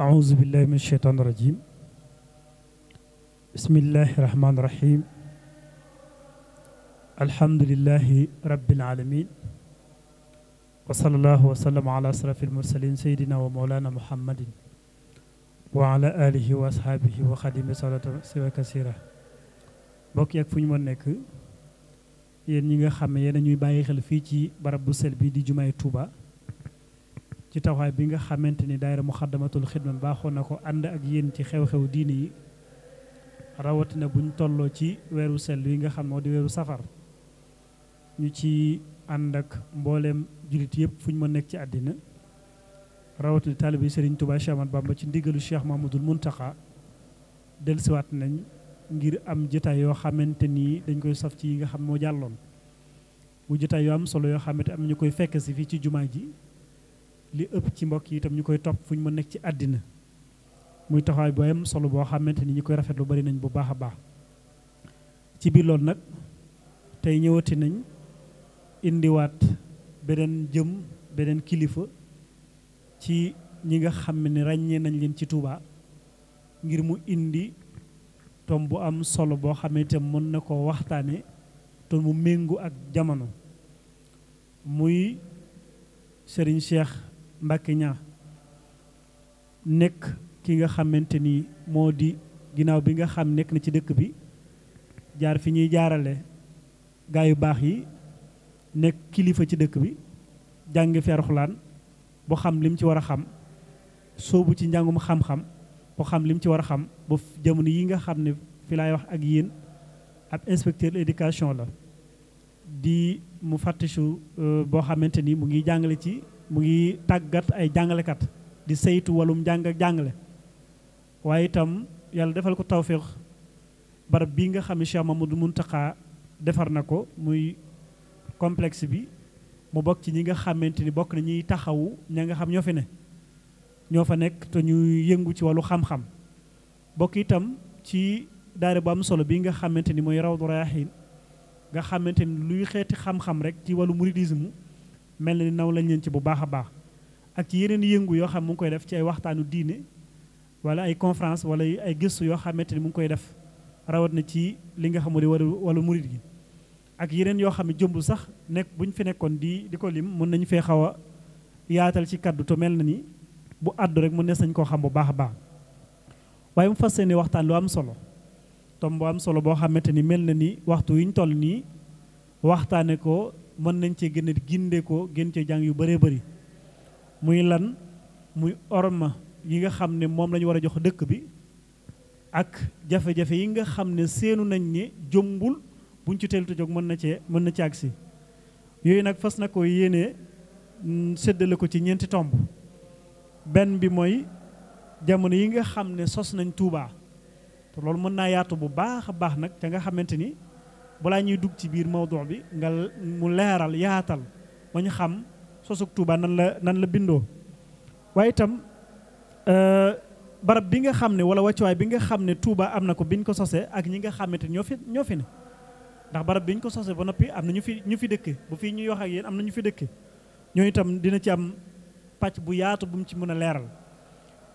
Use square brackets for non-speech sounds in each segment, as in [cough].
أعوذ بالله من الشيطان الرجيم بسم الله الرحمن الرحيم الحمد لله رب العالمين وصلى الله وسلم على أشرف المرسلين سيدنا ومولانا محمد وعلى آله وأصحابه وخديم صلاة سوى كثيرة bokk yàgg fu ñu mën nekk yéen ñi nga xam ne yéen ñuy bàyyi xel fii ci barab bu sel bi di jumaay Touba ci tawaay bi nga xamante ni daayira Muxaddamatul Xidma baaxoon na ko ànd ak yéen ci xew-xew diine yi rawatina buñ tolloo ci weeru sel yi nga xam moo di weeru safar ñu ci ànd ak mbooleem jullit yëpp fu ñu mën nekk ci àddina rawatina taalibe Serigne sëriñ Cheikh Ahmadou Bamba ci ndigalu Cheikh Mahmadul Muntaxa dellusiwaat nañ ngir am jotaay yoo xamante nii dañ koy saf ci yi nga xam moo jàlloon bu jotaay yoo am solo yoo xamante am ñu koy fekk si fii ci jumaa ji li ëpp ci mbokk yi itam ñu koy topp fu ñu mën nekk ci àddina muy taxawaay bu solo boo xamante ni ñi koy rafetlu bari nañ bu baax a baax ci biir lool nag tey ñëwati nañ indiwaat beneen jëm beneen kilifa ci ñi nga xam ne ràññee nañ leen ci Touba ngir mu indi tom bu am solo boo xamante mën na koo waxtaane te mu méngu ak jamono muy Serigne Cheikh Mbacke ñaa nekk ki nga xamante ni moo di ginnaaw bi nga xam nekk na ci dëkk bi jaar fi ñuy jaarale gaa yu baax yi nekk kilifa ci dëkk bi jàngi fi Alxuraan boo xam lim ci war a xam soobu ci njàngum xam-xam boo xam lim ci war a xam ba jamono yi nga xam ne fi laay wax ak yéen ab inspecteur éducation la di mu fàttisu euh, boo xamante ni mu ngi jàngale ci mu ngi tàggat ay jàngalekat di saytu walum jàng ak jàngale waaye itam yàlla defal ko tawféex barab bii nga xam ne Cheikh Mamadou Mountakha defar na ko muy complexe bi mu bokk ci ñi nga xamante ni bokk na ñuy taxawu ña nga xam ñoo fi ne ñoo fa nekk te ñu yëngu ci wàllu xam-xam bokk itam ci daara bu am solo bi nga xamante ni mooy Rawdu Rayaahiin nga xamante ni luy xeeti xam-xam rek ci wàllu mouridisme mel na ni naw lañ leen ci bu baax a baax ak ci yeneen yëngu yoo xam mu ngi koy def ci ay waxtaanu diine wala ay conférence wala ay gëstu yoo xamante ni mu ngi koy def rawat na ci li nga xam ne wala murit gi ak yeneen yoo xam ne jëmbul sax nekk bu ñu fi nekkoon di di ko lim mën nañu fee xaw a yaatal ci kaddu mel na ni bu àddu rek mën nees sañ koo xam bu baax a baax waaye mu fas yéene waxtaan lu am solo tom am solo boo xamante ni mel na ni waxtu yu toll nii waxtaane ko mën nañ cee génne a ginde ko gën cee jàng yu bëree bëri muy lan muy orma yi nga xam ne moom la war a jox dëkk bi ak jafe-jafe yi nga xam ne seenu nañ ne jombul buñ ci teelu jóg mën na cee mën na ci agsi yooyu nag fas na ko yéene mm, séddale ko ci ñeenti tomb benn bi mooy jamono yi nga xam ne sos nañ Tuubaa te loolu mën naa yaatu bu baax a baax nag te nga xamante ni balaa ñuy dugg ci biir mawduu bi nga mu leeral yaatal ba ñu xam sosug Touba nan la nan la bindoo waaye itam euh, barab bi nga xam ne wala wàccuwaay bi nga xam ne tuubaa am na ko biñ ko sosee ak ñi nga xamante ñoo fi ñoo fi ne ndax barab biñ ko sosee ba noppi am na ñu fi ñu fi dëkk bu fii ñuy wax ak yéen am na ñu fi dëkk ñoo itam dina ci am pàcc bu yaatu bu mu ci mën a leeral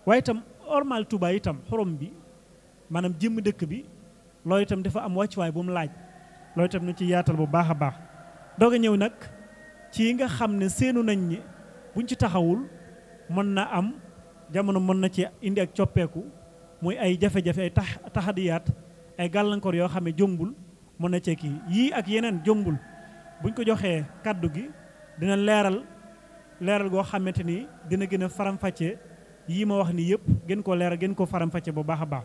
waaye itam ormal Touba itam xorom bi maanaam jëmm dëkk bi loolu dafa am wàccuwaay bu mu laaj loolu tam na ci yaatal bu baax a baax doog a ñëw nag ci nga xam ne seenu nañ ñi buñ ci taxawul mën na am jamono mën na ci indi ak coppeeku mooy ay jafe-jafe ay tax taxadiyaat ay gàllankoor yoo xam ne jombul mën na cee kii yii ak yeneen jombul buñ ko joxee kàddu gi dina leeral leeral goo xamante ni dina gën a faram-fàccee yii ma wax ni yëpp gën koo leeral gën koo faram-fàccee bu baax a baax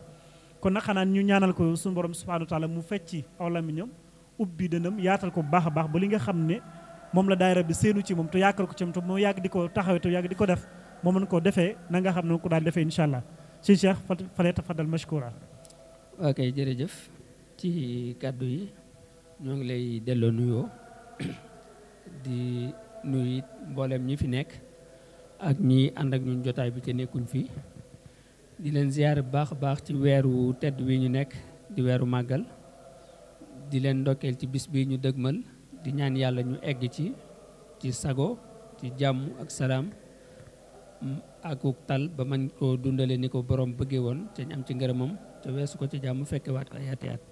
kon nag xanaan ñu ñaanal ko su borom subhaanahu wa mu fecci aw ubbi dënam yaatal ko bu baax a baax ba li nga xam ne moom la daayira bi séenu ci moom te yaakal ko ci moom te moo yàgg di ko taxawee te yàgg di ko def moo mën koo defee na nga xam ne ko daal defee incha fa si Cheikh fale tafadal mashkura ok jëf ci kàddu yi ñoo ngi lay delloo nuyoo [coughs] di nuyu it ñi fi nekk ak ñii ànd ak ñun jotaay bi ci nekkuñ fii di leen ziyaare bu baax a baax ci weeru tedd wii ñu nekk di weeru màggal di leen ndokkeel ci bis bi ñu dëgmal di ñaan yàlla ñu egg ci ci sago ci jàmm ak salaam akuk tal ba man koo dundale ni ko borom bëggee woon te ñu am ci ngërëmam te weesu ko ci jàmm fekkewaat ko yaati at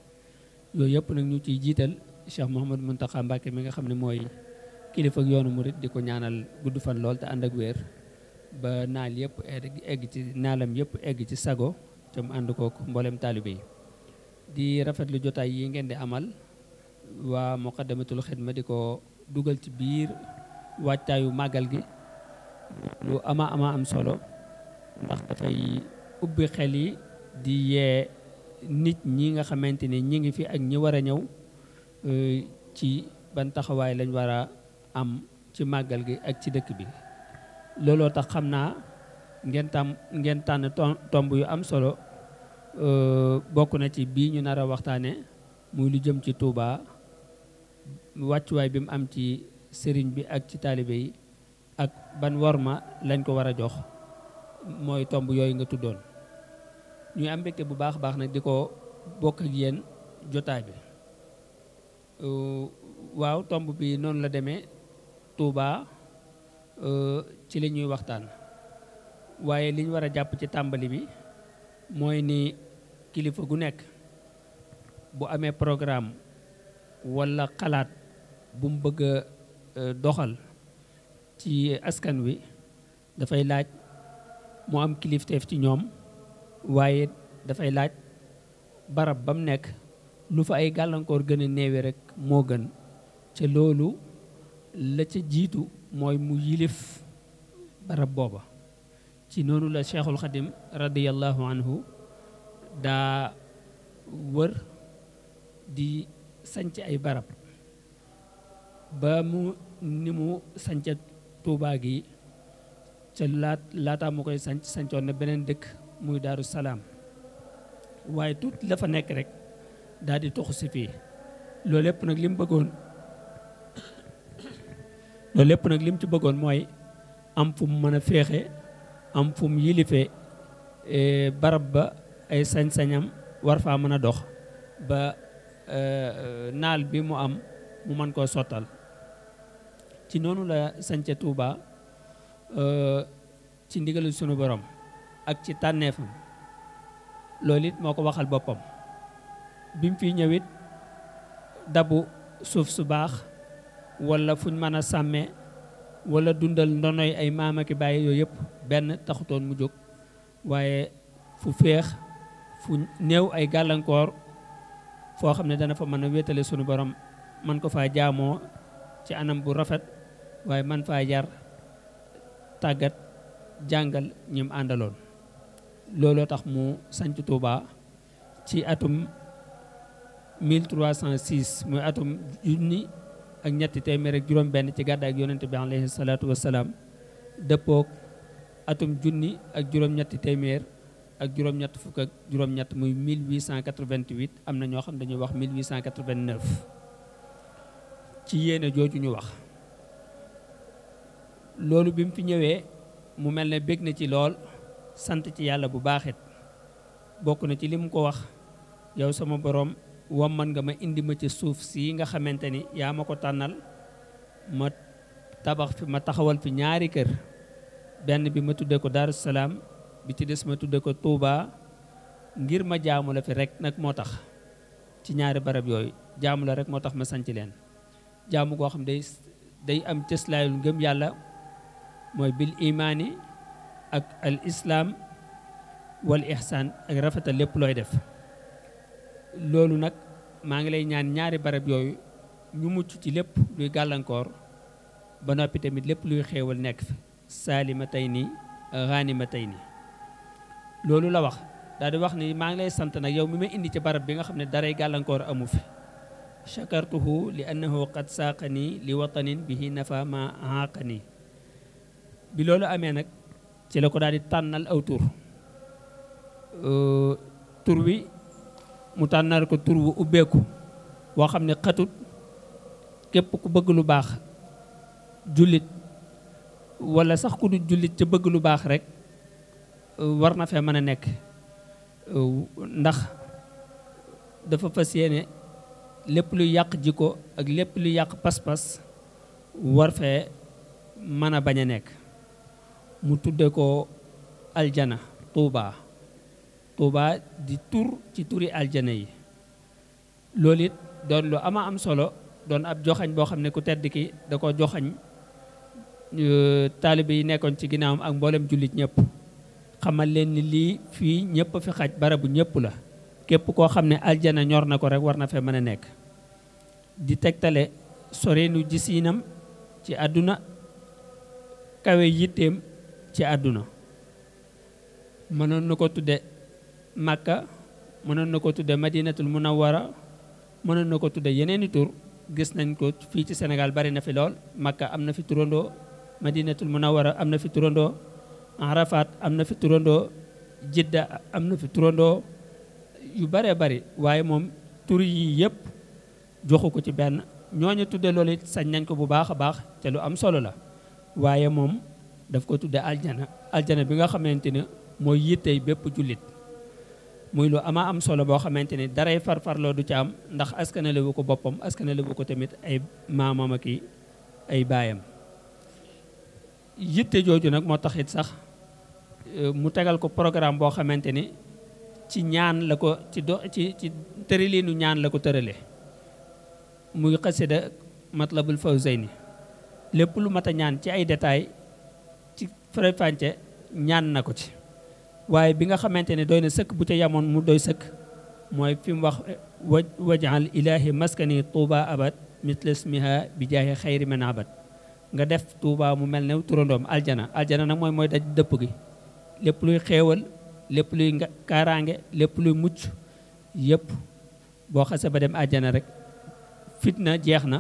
yooyu yëpp nag ñu ciy jiital Cheikh Mouhamadou Mountakha Mbacké mi nga xam ni mooy kilifa yoonu murit di ko ñaanal gudd fan lool te ànd ak wér ba naal yëpp egg ci naalam yëpp egg ci sago te mu ànd kook mboolem taalibe yi di rafetlu jotaay yi ngeen di amal waa Muqaddamatul ma di ko dugal ci biir waajtaayu màggal gi lu ama ama am solo ndax dafay ubbi xel yi di yee nit ñi nga xamante ni ñi ngi fi ak ñi war a ñëw euh, ci ban taxawaay lañ war a am ci màggal gi ak ci dëkk bi looloo tax xam naa ngeen tam tànn tomb yu am solo Euh, bokk na ci bii ñu nar a waxtaane muy lu jëm ci Touba wàccuwaay bi mu am ci sëriñ bi ak ci taalibe yi ak ban worma lañ ko war a jox mooy tomb yooyu nga tuddoon ñuy am mbégte bu baax baax nag di ko bokk ak yéen jotaay bi euh, waaw tomb bi noonu la demee Touba euh, ci li ñuy waxtaan waaye liñ war a jàpp ci tàmbali bi mooy ni kilifa gu nekk bu amee programme walla xalaat bu mu bëgg euh, doxal ci askan wi dafay laaj mu am kilifteef ci ñoom waaye dafay laaj barab ba mu nekk lu fa ay gàllankoor gën a rekk moo gën ca loolu la ca jiitu mooy mu yilif barab booba ci noonu la cheikhul xadim radiyallahu anhu daa wër di sanc ay barab ba mu ni mu sanc tuubaa gi ca laat laataa mu koy sanc sancoon na beneen dëkk muy daaru salaam waaye tuuti la fa nekk rek daal di toxu si fii loolu lépp nag lim mu bëggoon loolu lépp nag li ci bëggoon mooy am fu mën a féexe am fu yilife eh, barab ba ay sañ-sañam war faa mën a dox ba euh, euh, naal bi mu am mu mën koo sottal ci noonu la sañca Touba euh, ci ndigalu sunu boroom ak ci tànneefam loolu it moo ko waxal boppam bi mu fiy ñëwit dabu suuf su baax wala fuñ mën a sàmme wala dundal ndonoy ay maam ak i bàyyi yooyu yëpp benn taxutoon mu jóg waaye fu féex fu néew ay gàllankoor foo xam ne dana fa mën a wéetale sunu borom man ko faa jaamoo ci anam bu rafet waaye man faa yar tàggat jàngal ñim àndaloon looloo tax mu sanc Touba ci atum cent 1306 muy atum junni ak ñetti téeméer ak juróom benn ci gàddaay ak bi alayhi salaatu wasalaam dëppook atum junni ak juróom ñetti téeméer ak juróom-ñett fukk ak juróom-ñett muy 1888 am na ñoo xam dañuy wax 1889 ci yéene jooju ñu wax loolu bi mu fi ñëwee mu mel ne bég na ci lool sant ci yàlla bu baaxit bokk na ci li mu ko wax yow sama borom wamman nga ma indi ma ci suuf si nga xamante ni yaa ma ko tànnal ma tabax fi ma taxawal fi ñaari kër benn bi ma tuddee ko Daaru bi ci des ma tudde ko Touba ngir ma jaamu la fi rek nag moo tax ci ñaari barab yooyu jaamu la rek moo tax ma sanc leen jaamu goo xam day day am cëslaayul ngëm yàlla mooy bil imaani ak al islaam wal ihsaan ak rafetal lépp looy def loolu nag maa ngi lay ñaan ñaari barab yooyu ñu mucc ci lépp luy gàllankoor ba noppi tamit lépp luy xéewal nekk fi saali ma tey nii raani ma tey nii loolu la wax daal di wax ni maa ngi lay sant nag yow mi ma indi ci barab bi nga xam ne daray gàllankoor amu fi chakartuhu li annahu qad saaqani li watanin bi bihi nafa ma haaqani bi loolu amee nag ci la ko daal di tànnal aw tur tur wi mu tànnal ko tur wu ubbeeku woo xam ne xatut képp ku bëgg lu baax jullit wala sax ku du jullit ca bëgg lu baax rek war na fee mën a nekk ndax dafa fas yéene lépp lu yàq jikko ak lépp lu yàq pas-pas war fee mën a bañ a nekk mu tudde ko aljana tuuba tuuba di tur ci turi aljana yi loolu it doon lu ama am solo doon ab joxañ boo xam ne ku tedd ki da ko joxañ euh, taalibe yi nekkoon ci ginnaawam ak mbooleem jullit ñëpp xamal leen ni lii fii ñëpp fi xaj barabu ñëpp la képp koo xam ne aljana ñor na ko rek war na fee mën a nekk di tegtale soreenu gisiinam ci àdduna kawe yitteem ci àdduna mënoon na ko tudde Makka mënoon na ko tudde a Munawwara mënoon na ko tudde yeneeni tur gis nañ ko fii ci senegal bari na fi lool Makka am na fi turandoo Madinatul Munawwara am na fi turandoo Arafat am na fi turandoo Jidda am na fi turandoo yu baree bari waaye moom tur yi yëpp joxu ko ci benn ñooñu tudde loolu sañ nañ ko bu baax a baax te lu am solo la waaye moom daf ko tudde aljana aljana bi nga xamante ne mooy yittey bépp jullit muy lu ama am solo boo xamante ni daray farfarloo du ci am ndax askanalewu ko boppam askanalewu ko tamit ay maamam ak ay baayam yitte jooju nag moo tax it sax euh, mu tegal ko programme boo xamante ni ci ñaan la ko ci do ci ci tëraliinu ñaan la ko tëralee muy xasida matlabul fawzayni lépp lu mat a ñaan ci ay détails ci frépance ñaan na ko ci waaye bi nga xamante ne doy na sëkk bu ca yamoon mu doy sëkk mooy fi mu wax waj wajal ilahi maskani tuuba abad mislismiha bi jaahi xayri man abad nga def Touba mu mel ne turandoom aljana aljana nag mooy mooy daj dëpp gi lépp luy xéewal lépp luy kaaraange lépp luy mucc yëpp boo xase ba dem aljana rek fitna jeex na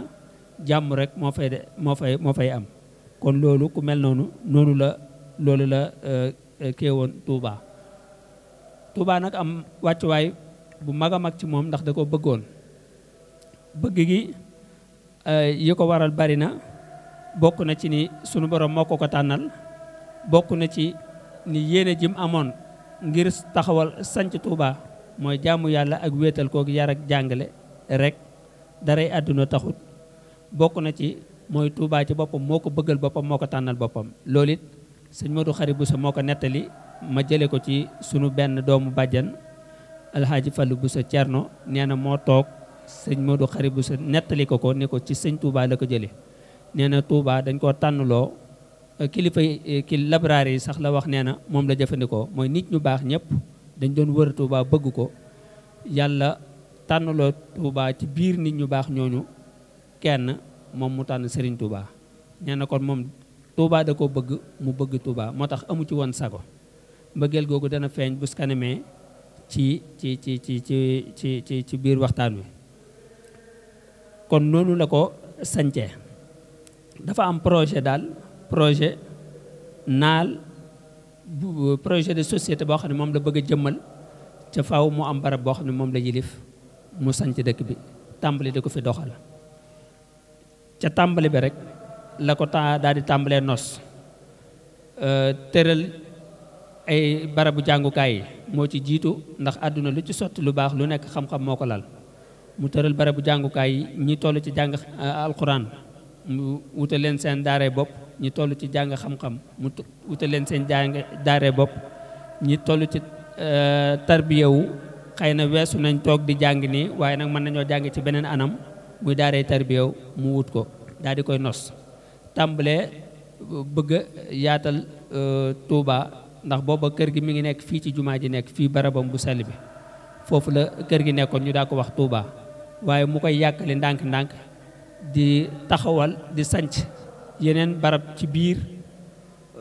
jàmm rek moo fay moo fay am kon loolu ku mel noonu noonu la loolu la euh, euh, kéewoon Touba Touba nag am wàccuwaay bu mag a mag ci moom ndax da ko bëggoon bëgg gi euh, yi ko waral bari na bokk na ci ni sunu borom moo ko ko tànnal bokk na ci ni yéene jim amoon ngir taxawal sanc Touba mooy jaamu yàlla ak wéetal kook yar ak jàngale rek daray àdduna taxut bokk na ci mooy Touba ci boppam moo ko bëggal boppam moo ko tànnal boppam loolu it sëñ Modou Khary Bousso moo ko nettali ma jële ko ci sunu benn doomu bàjjan alxaaji Fallou Bousso Cerno nee na moo toog sëñ Modou Khary Bousso nettali ko ko ni ko ci sëñ Touba la ko jële nee na Touba dañ koo tànnloo eh, kilifa eh, ki labraar yi sax la wax nee na moom la jëfandikoo mooy nit ñu baax ñépp dañ doon wër Touba bëgg ko yàlla tànnloo Touba ci biir nit ñu baax ñooñu kenn moom mu tànn sëriñ Touba. nee na kon moom Touba da ko bëgg mu bëgg Touba moo tax amu ci woon sago mbëggeel googu dana feeñ bu skanamee ci ci ci ci ci ci ci biir waxtaan wi kon noonu la ko sañcee dafa am projet daal projet naal bu projet de société boo xam ne moom la bëgg a jëmmal ca faw mu am barab boo xam ne moom la yilif mu sanc dëkk bi tàmbali di ko fi doxal ca tàmbali bi rek la ko ta daal di tàmbalee nos euh, tëral ay barabu jàngukaay yi moo ci jiitu ndax àdduna lu ci sotti lu baax lu nekk xam-xam moo ko lal mu tëral barabu jàngukaay yi ñi toll ci jàng euh, alquran mu wutal leen seen daaree bopp ñi tollu ci jàng xam-xam mu wutal leen seen jàng daaree bopp ñi toll ci e, tarbiyewu xëy na weesu nañ toog di jàng nii waaye nag mën nañoo jàng ci beneen anam muy daaree tarbiyewu mu wut ko daal di koy nos tàmbalee bëgg yaatal e, Touba ndax booba kër gi mi ngi nekk fii ci jumaa ji nekk fii barabam bu sell bi foofu la kër gi nekkoon ñu daa ko wax Touba waaye mu koy yàkkale ndànk-ndànk di taxawal di sanc yeneen barab ci biir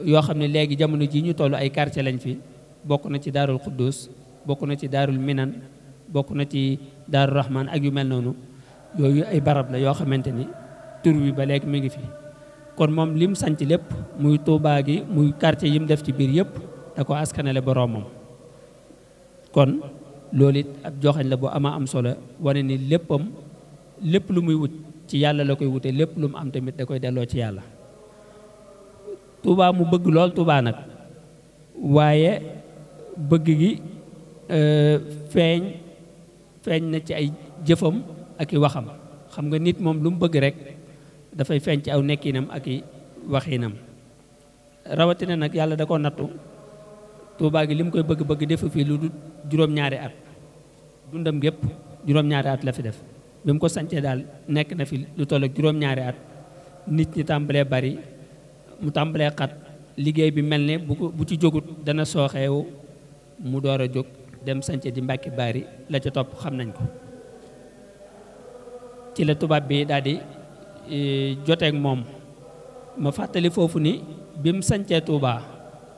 yoo xam ne léegi jamono ji ñu toll ay quartier lañ fi bokk na ci daarul Quddus bokk na ci daarul Minan bokk na ci daarul Rahman ak yu mel noonu yooyu ay barab la yoo xamante ni tur wi ba léegi mu ngi fi kon moom lim sañc lépp muy Tuubaa gi muy quartier yi mu def ci biir yëpp da ko askanale boroomam kon loolu it ab joxañ la bu ama am solo wane ni léppam lépp lu muy wut ci yàlla la koy wute lépp lu mu am tamit da koy delloo ci yàlla Touba mu bëgg lool Touba nag waaye bëgg gi euh, feeñ feeñ na ci ay jëfam ak i waxam xam nga nit moom lu mu bëgg rek dafay feeñ ci aw nekkiinam ak i waxiinam rawatina nag yàlla da koo nattu Touba gi li mu koy bëgg-bëgg defu fii lu du juróom-ñaari at dundam gépp juróom-ñaari at la fi def bi mu ko sancee daal nekk na fi lu toll ak juróom-ñaari at nit ñi tàmbalee bari mu tàmbalee xat liggéey bi mel ni bu ko bu ci jógut dana sooxeewu mu door a jóg dem sancee di mbàkki baari la ca topp xam nañ ko ci la tubaab bi daal di e, joteeg moom ma fàttali foofu ni bi mu sancee Touba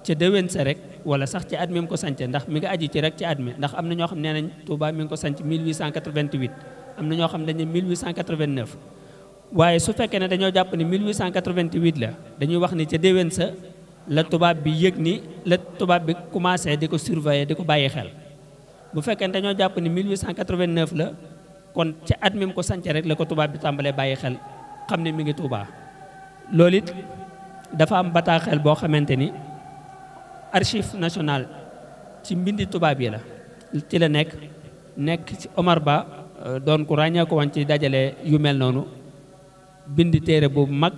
ca déwén sa rek wala sax ci at mi mu ko sancee ndax mi nga aji ci rek ci at mi ndax am na ñoo xam ne nañ Touba mi ngi ko sanc 1888 am na ñoo xam dañ ne 1889 waaye su fekkee ne dañoo jàpp ni 1888 la dañuy wax ni ca déwén sa la tubaab bi yëg ni la tubaab bi commencé di ko surveiller di ko bàyyi xel bu fekkee ne dañoo jàpp ni 1889 la kon ci at mi mu ko sànce rek la ko tubaab bi tàmbalee bàyyi xel xam ne mi ngi Tuubaa loolu it dafa am bataaxel boo xamante ni archive nationale ci mbind tubaab yi la ci la nekk nekk ci Omar Ba doon ku ràññee ko woon ci dajale yu mel noonu bind téere boobu mag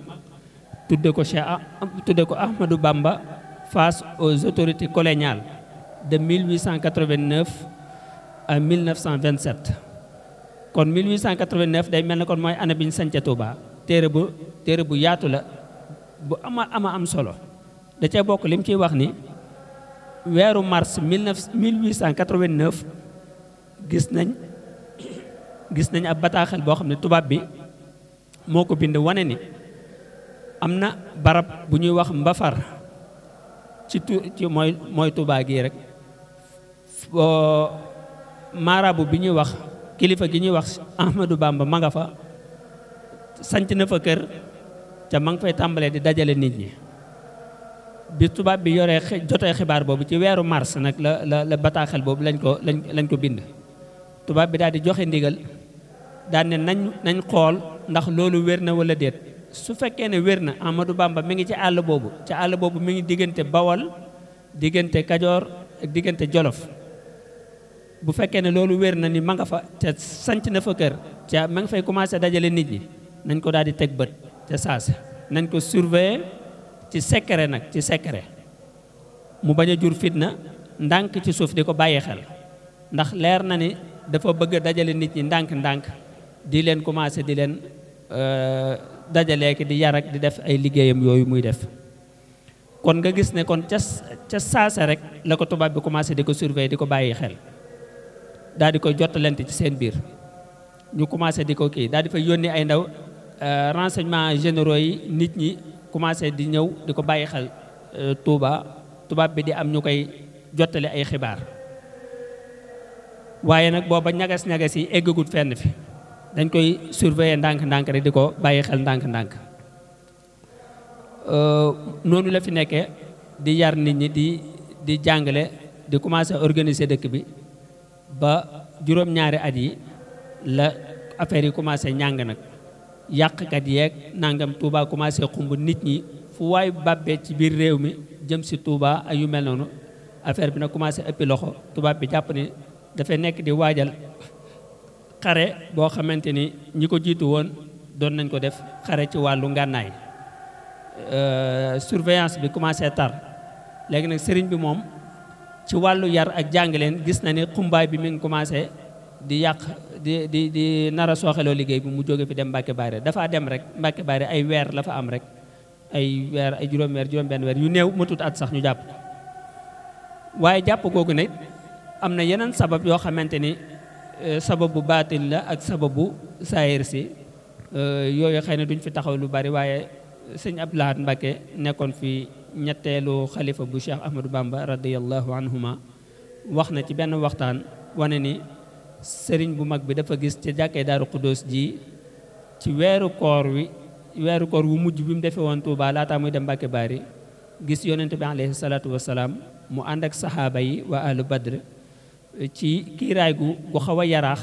tudde ko Cheikh ah, tudde ko Ahmadou Bamba face aux autorités coloniales de 1889 à 1927 kon 1889 day mel ne kon mooy année bi ñu sañca Touba téere bu téere bu yaatu la bu ama ama am solo da cee bokk lim ciy wax ni weeru mars 19 1889 gis nañ gis nañ ab bataaxal boo xam ne tubaab bi moo ko bind wane ni am na barab bu ñuy wax mbafar ci tu ci mooy mooy tubaab gii rek maarabu bi ñuy wax kilifa gi ñuy wax Ahmadou Bamba ma nga fa sanc na fa kër ca ma nga fay tàmbalee di dajale nit ñi bi tubaab bi yoree jotee xibaar boobu ci weeru mars nag la la la boobu lañ ko lañ lañ ko bind tubaab bi daal di joxe ndigal daan nañ nañ xool ndax loolu wér na wala déet su fekkee ne wér na Amadou Bamba mi ngi ci àll boobu ci àll boobu mi ngi diggante Bawol diggante Kajoor ak diggante Jolof bu fekkee ne loolu wér na ni ma nga fa te sanc na fa kër ca ma ngi fay commencé dajale nit ñi nañ ko daal di teg bët te saas nañ ko surveiller ci secret nag ci secret mu bañ a jur fitna ndànk ci suuf di ko bàyyi xel ndax leer na ni dafa bëgg dajale nit ñi ndànk-ndànk di leen commencé di leen euh, dajaleeki di yar ak di def ay liggéeyam yooyu muy def kon nga gis ne kon ca ca saase rek la ko tubaab bi commencé di ko surveiller di ko bàyyi xel daal di koy jottalante ci seen biir ñu commencé di ko kii daal di fay yónni ay ndaw euh, renseignements généraux yi nit ñi commencé di ñëw di ko bàyyi xel euh, Touba tubaab bi di am ñu koy jottali ay xibaar waaye nag booba ñagas-ñagas yi eggagut fenn fi dañ koy surveiller ndànk-ndànk rek di ko bàyyi xel ndànk-ndànk euh, noonu la fi nekkee di yar nit ñi di di jàngale di commencer organiser dëkk bi ba juróom-ñaari at yi la affaire yi commencé ñàng nag yàqkat yeeg nangam Touba commencé xumb nit ñi fu waay bàbbee ci biir réew mi jëm si Touba ak yu mel noonu affaire bi nag commencé ëppi loxo tubaab bi jàpp ni dafay nekk di waajal xare boo xamante ni ñi ko jiitu woon doon nañ ko def xare ci wàllu ngànnaay euh, surveillance bi commencé tar léegi nag sëriñ bi moom ci wàllu yar ak jàngaleen gis na ni xumbaay bi mi ngi commencé di yàq di di di nar a liggéey bi mu jóge fi dem Mbacke Baare dafaa dem rek Mbacke Baare ay weer la fa am rek ay weer ay juróom weer juróom benn weer yu néew matut at sax ñu jàpp waaye jàpp googu nag am na yeneen sabab yoo xamante ni Euh, bu baatin la ak sababu saayir si euh, yooyu xëy na duñ fi taxaw lu bari waaye euh, sëñ Abdou Lahad Mbacké nekkoon fi ñetteelu xalifa bu Cheikh Ahmadou Bamba radiyallahu anhuma wax na ci benn waxtaan wane ni sëriñ bu mag bi dafa gis ci jàkkee Daaru Xuddoos ji ci weeru koor wi weeru koor wu mujj bi mu defee woon Touba laataa muy dem Mbacké Bari gis yonent bi alayhi salaatu wasalaam mu ànd ak saxaaba yi waa ahlu Badr ci kiiraay gu gu xaw a yaraax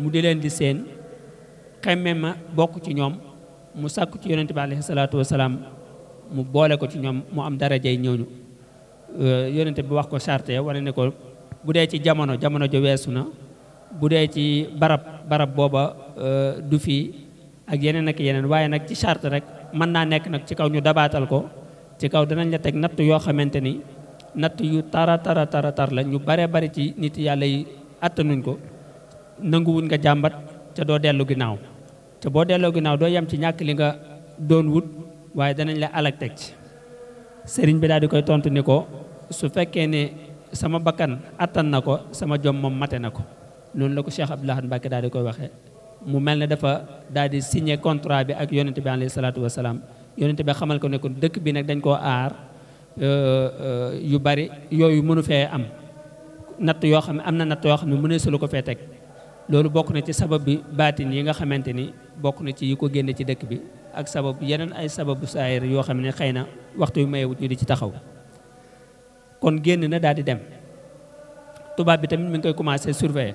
mu di leen di séen xemme ma bokk ci ñoom mu sàkk ci yonente bi alayhi salaatu wasalaam mu boole ko ci ñoom mu am darajay ñooñu euh, yonente bi wax ko charte wane ne ko bu dee ci jamono jamono ja weesu na bu dee ci barab barab booba euh, du fii ak yeneen ak yeneen waaye nag ci charte rek mën naa nekk nag ci kaw ñu dabaatal ko ci kaw danañ la teg natt yoo xamante natt yu tara tara tara tar la ñu baree bari ci nit yàlla yi attanuñ ko nanguwuñ nga jàmbat te doo dellu ginnaaw te boo delloo ginnaaw doo yem ci ñàkk li nga doon wut waaye danañ la alag teg ci sëriñ bi daal di koy tontu ni ko su fekkee ne sama bakkan attan na ko sama jom moom mate na ko noonu la ko Cheikh Abdou Lahad Mbacké daal di koy waxee mu mel ne dafa daal di signé contrat bi ak yonente bi alayhi salaatu wasalaam yonente bi xamal ko ne ko dëkk bi nag Euh, euh, yu bari yooyu mënu fee am natt yoo xam ne am na natt yoo ne mënee sulu ko fee teg loolu bokk na ci sabab bi baatin yi nga xamante ni bokk na ci yi ko génne ci dëkk bi ak sabab yeneen ay sababu saayir yoo xam ne xëy na waxtu yu mayewut ñu di ci taxaw kon génn na daal di dem tubaab bi tamit mu ngi koy commencé surveiller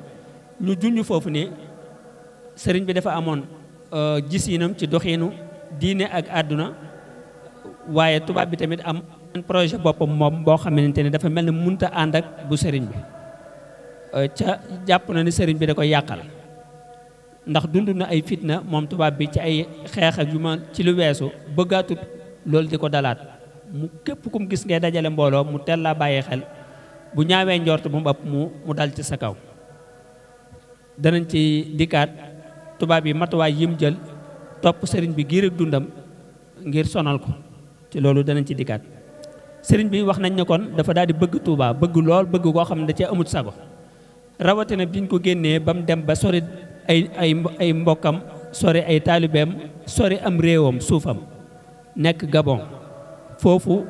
ñu junj foofu ne sëriñ bi dafa amoon euh, gis yinam ci doxiinu diine ak àdduna waaye tubaab bi tamit am projet boppam moom boo xamante ne dafa mel ne munta ànd ak bu sëriñ bi euh, ca jàpp na ni sëriñ bi da koy yàqal ndax dund na ay fitna moom tubaab bi ci ay xeex yu ma ci lu weesu bëggaatut loolu di ko dalaat mu képp kum gis ngay dajale mbooloo mu teel laa bàyyi xel bu ñaawee njort bu mu ëpp mu mu dal ci sa kaw danañ ci dikkaat tubaab yi matuwaay yim jël topp sëriñ bi giir ak dundam ngir sonal ko ci loolu danañ ci dikkaat sëriñ bi wax nañ ne kon dafa daal di bëgg Touba bëgg lool bëgg koo xam ne da cee amut sago rawatina biñ ko génnee ba mu dem ba sori ay ay mbokkam sori ay taalibeem sori am réewam suufam nekk Gabon foofu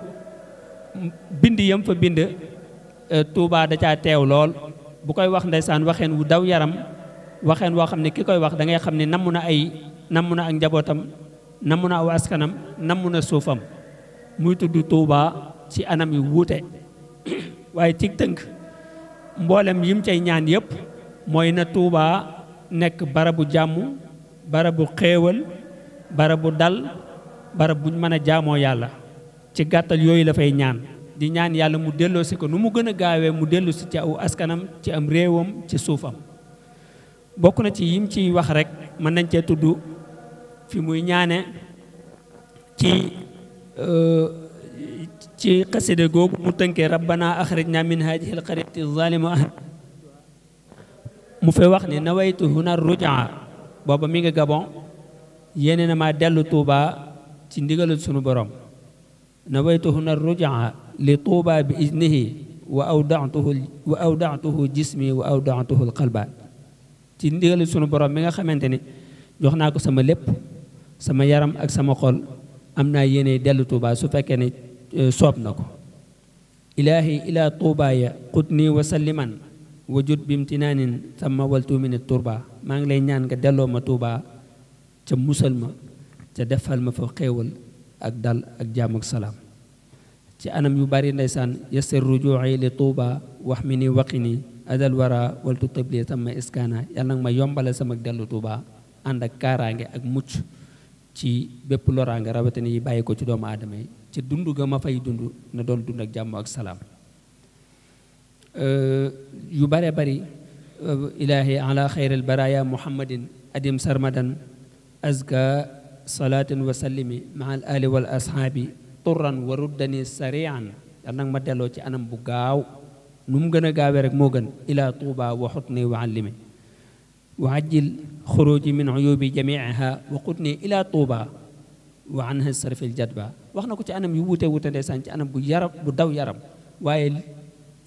bind yam fa bind euh, tuubaa da caa teew lool bu koy wax ndeysaan waxeen wu daw yaram waxeen woo xam ne ki koy wax dangay xam ne namm na ay namm na ak njabootam namm na aw askanam namu na suufam muy tudd Touba ci anam yu wuute waaye tig tënk mboolem yim cay ñaan yëpp mooy na tuuba nekk barabu jàmm barabu xéewal barabu dal barab buñ mën a jaamoo yàlla ci gàttal yooyu la fay ñaan di ñaan yàlla mu delloo si ko nu mu gën a gaawee mu dellu si ci aw askanam ci am réewam ci suufam bokk na ci yim ciy wax rekk mën nañ cee tudd fi muy ñaane ci euh, ci xaside googu mu tënkee rabbana axrijna min hadihi alqaryati zalimu ahli mu fe wax ni nawaytu huna rujaa booba mi ngi gabon yéene na maa dellu tuuba ci ndigalul sunu borom nawaytu huna rujaa li tuuba bi iznihi wa awdatuhu jismi wa awdatuhu alqalba ci ndigalul sunu borom mi nga xamante ni jox naa ko sama lépp sama yaram ak sama xol am naa yéene dellu tuuba su fekkee ne Eh, soob na ko ilaahi ilaa tuubaaya xut nii wa salliman wa jut bi imtinaanin sama waltu minit turbaa maa ngi lay ñaan nga delloo ma tuubaa ca musal ma ca defal ma fa xéewal ak dal ak jaam ak salaam ci anam yu bari ndeysaan yasir rujuuci li tuuba wax mi ni waqi ni adal wara waltu tëbli sama iskaana yàlla nag ma yombale sama dellu tuubaa ànd kaaraange ak mucc ci bépp loraange rawatina yi bàyyi ko ci doomu aadama yi ca dund ga ma fay dund na doon dund ak jàmm ak yu bare bari ilaahi ala xayral baraya muhammadin adim sarmadan azka salaatin wa sallimi ma al ali wal turan wa ruddani sarian yal ma delloo ci anam bu gaaw nu mu gën a gaawee rek moo ila tuuba wa xutni wa allimi wa ajjil xuruji min uyubi jamiiha wa xutni ila tuuba wa anha sarfil jadba wax na ko ci anam yu wute wuute ndeysaan ci anam bu yaram bu daw yaram waaye